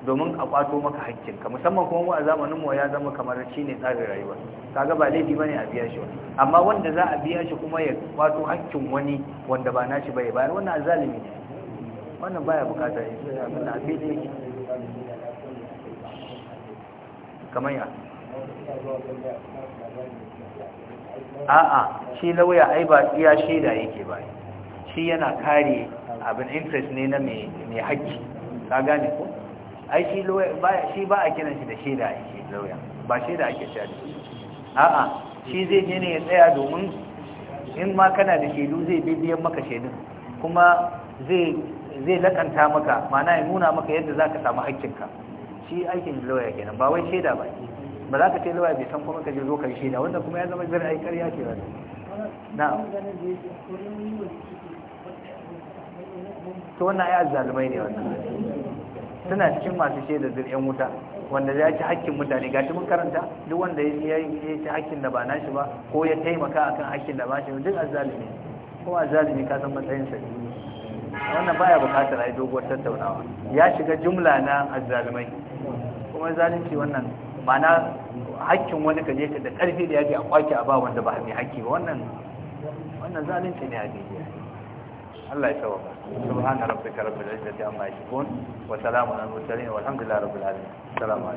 domin a kwato maka hakkinka musamman kuma mu a zamanin mu ya zama kamar shi ne tsarin rayuwa kaga ba laifi bane a biya shi amma wanda za a biya shi kuma ya kwato hakkin wani wanda ba nashi ya bayar wannan azalimi ne wannan baya bukata ya ce abin da abin da yake kamar ya a'a shi lauya ai ba iya shaida yake ba shi yana kare abin interest ne na mai haƙƙi ka gane ko ai shi lauya ba shi ba a kiran shi da shaida yake lauya ba shaida ake cewa a'a shi zai je ne ya tsaya domin in ma kana da shaidu zai bibiyan maka shaidun kuma zai zai lakanta maka mana ya nuna maka yadda zaka samu haƙƙinka shi aikin lauya kenan ba wai shaida ba ke. ba za ka ce lawa bai san kuma ka je zo ka da wanda kuma ya zama zira ai ƙarya ce wani na to wannan ai azzalumai ne wannan suna cikin masu da zir'yan wuta wanda ya ci hakkin mutane gashi mun karanta duk wanda ya ci hakkin da ba nashi ba ko ya taimaka akan hakkin da ba shi duk azzalumi ko azzalumi ka san matsayin sa wannan baya bukatar ai doguwar tattaunawa ya shiga jumla na azzalumai kuma zalunci wannan ma'ana hakkin wani ka je ka da karfi da yaji a kwaki a ba wanda ba mai hakki ba wannan wannan zalunci ne a duniya Allah ya tsawo subhana rabbika rabbil izzati amma yasifun wa salamun al mursalin walhamdulillahi rabbil alamin assalamu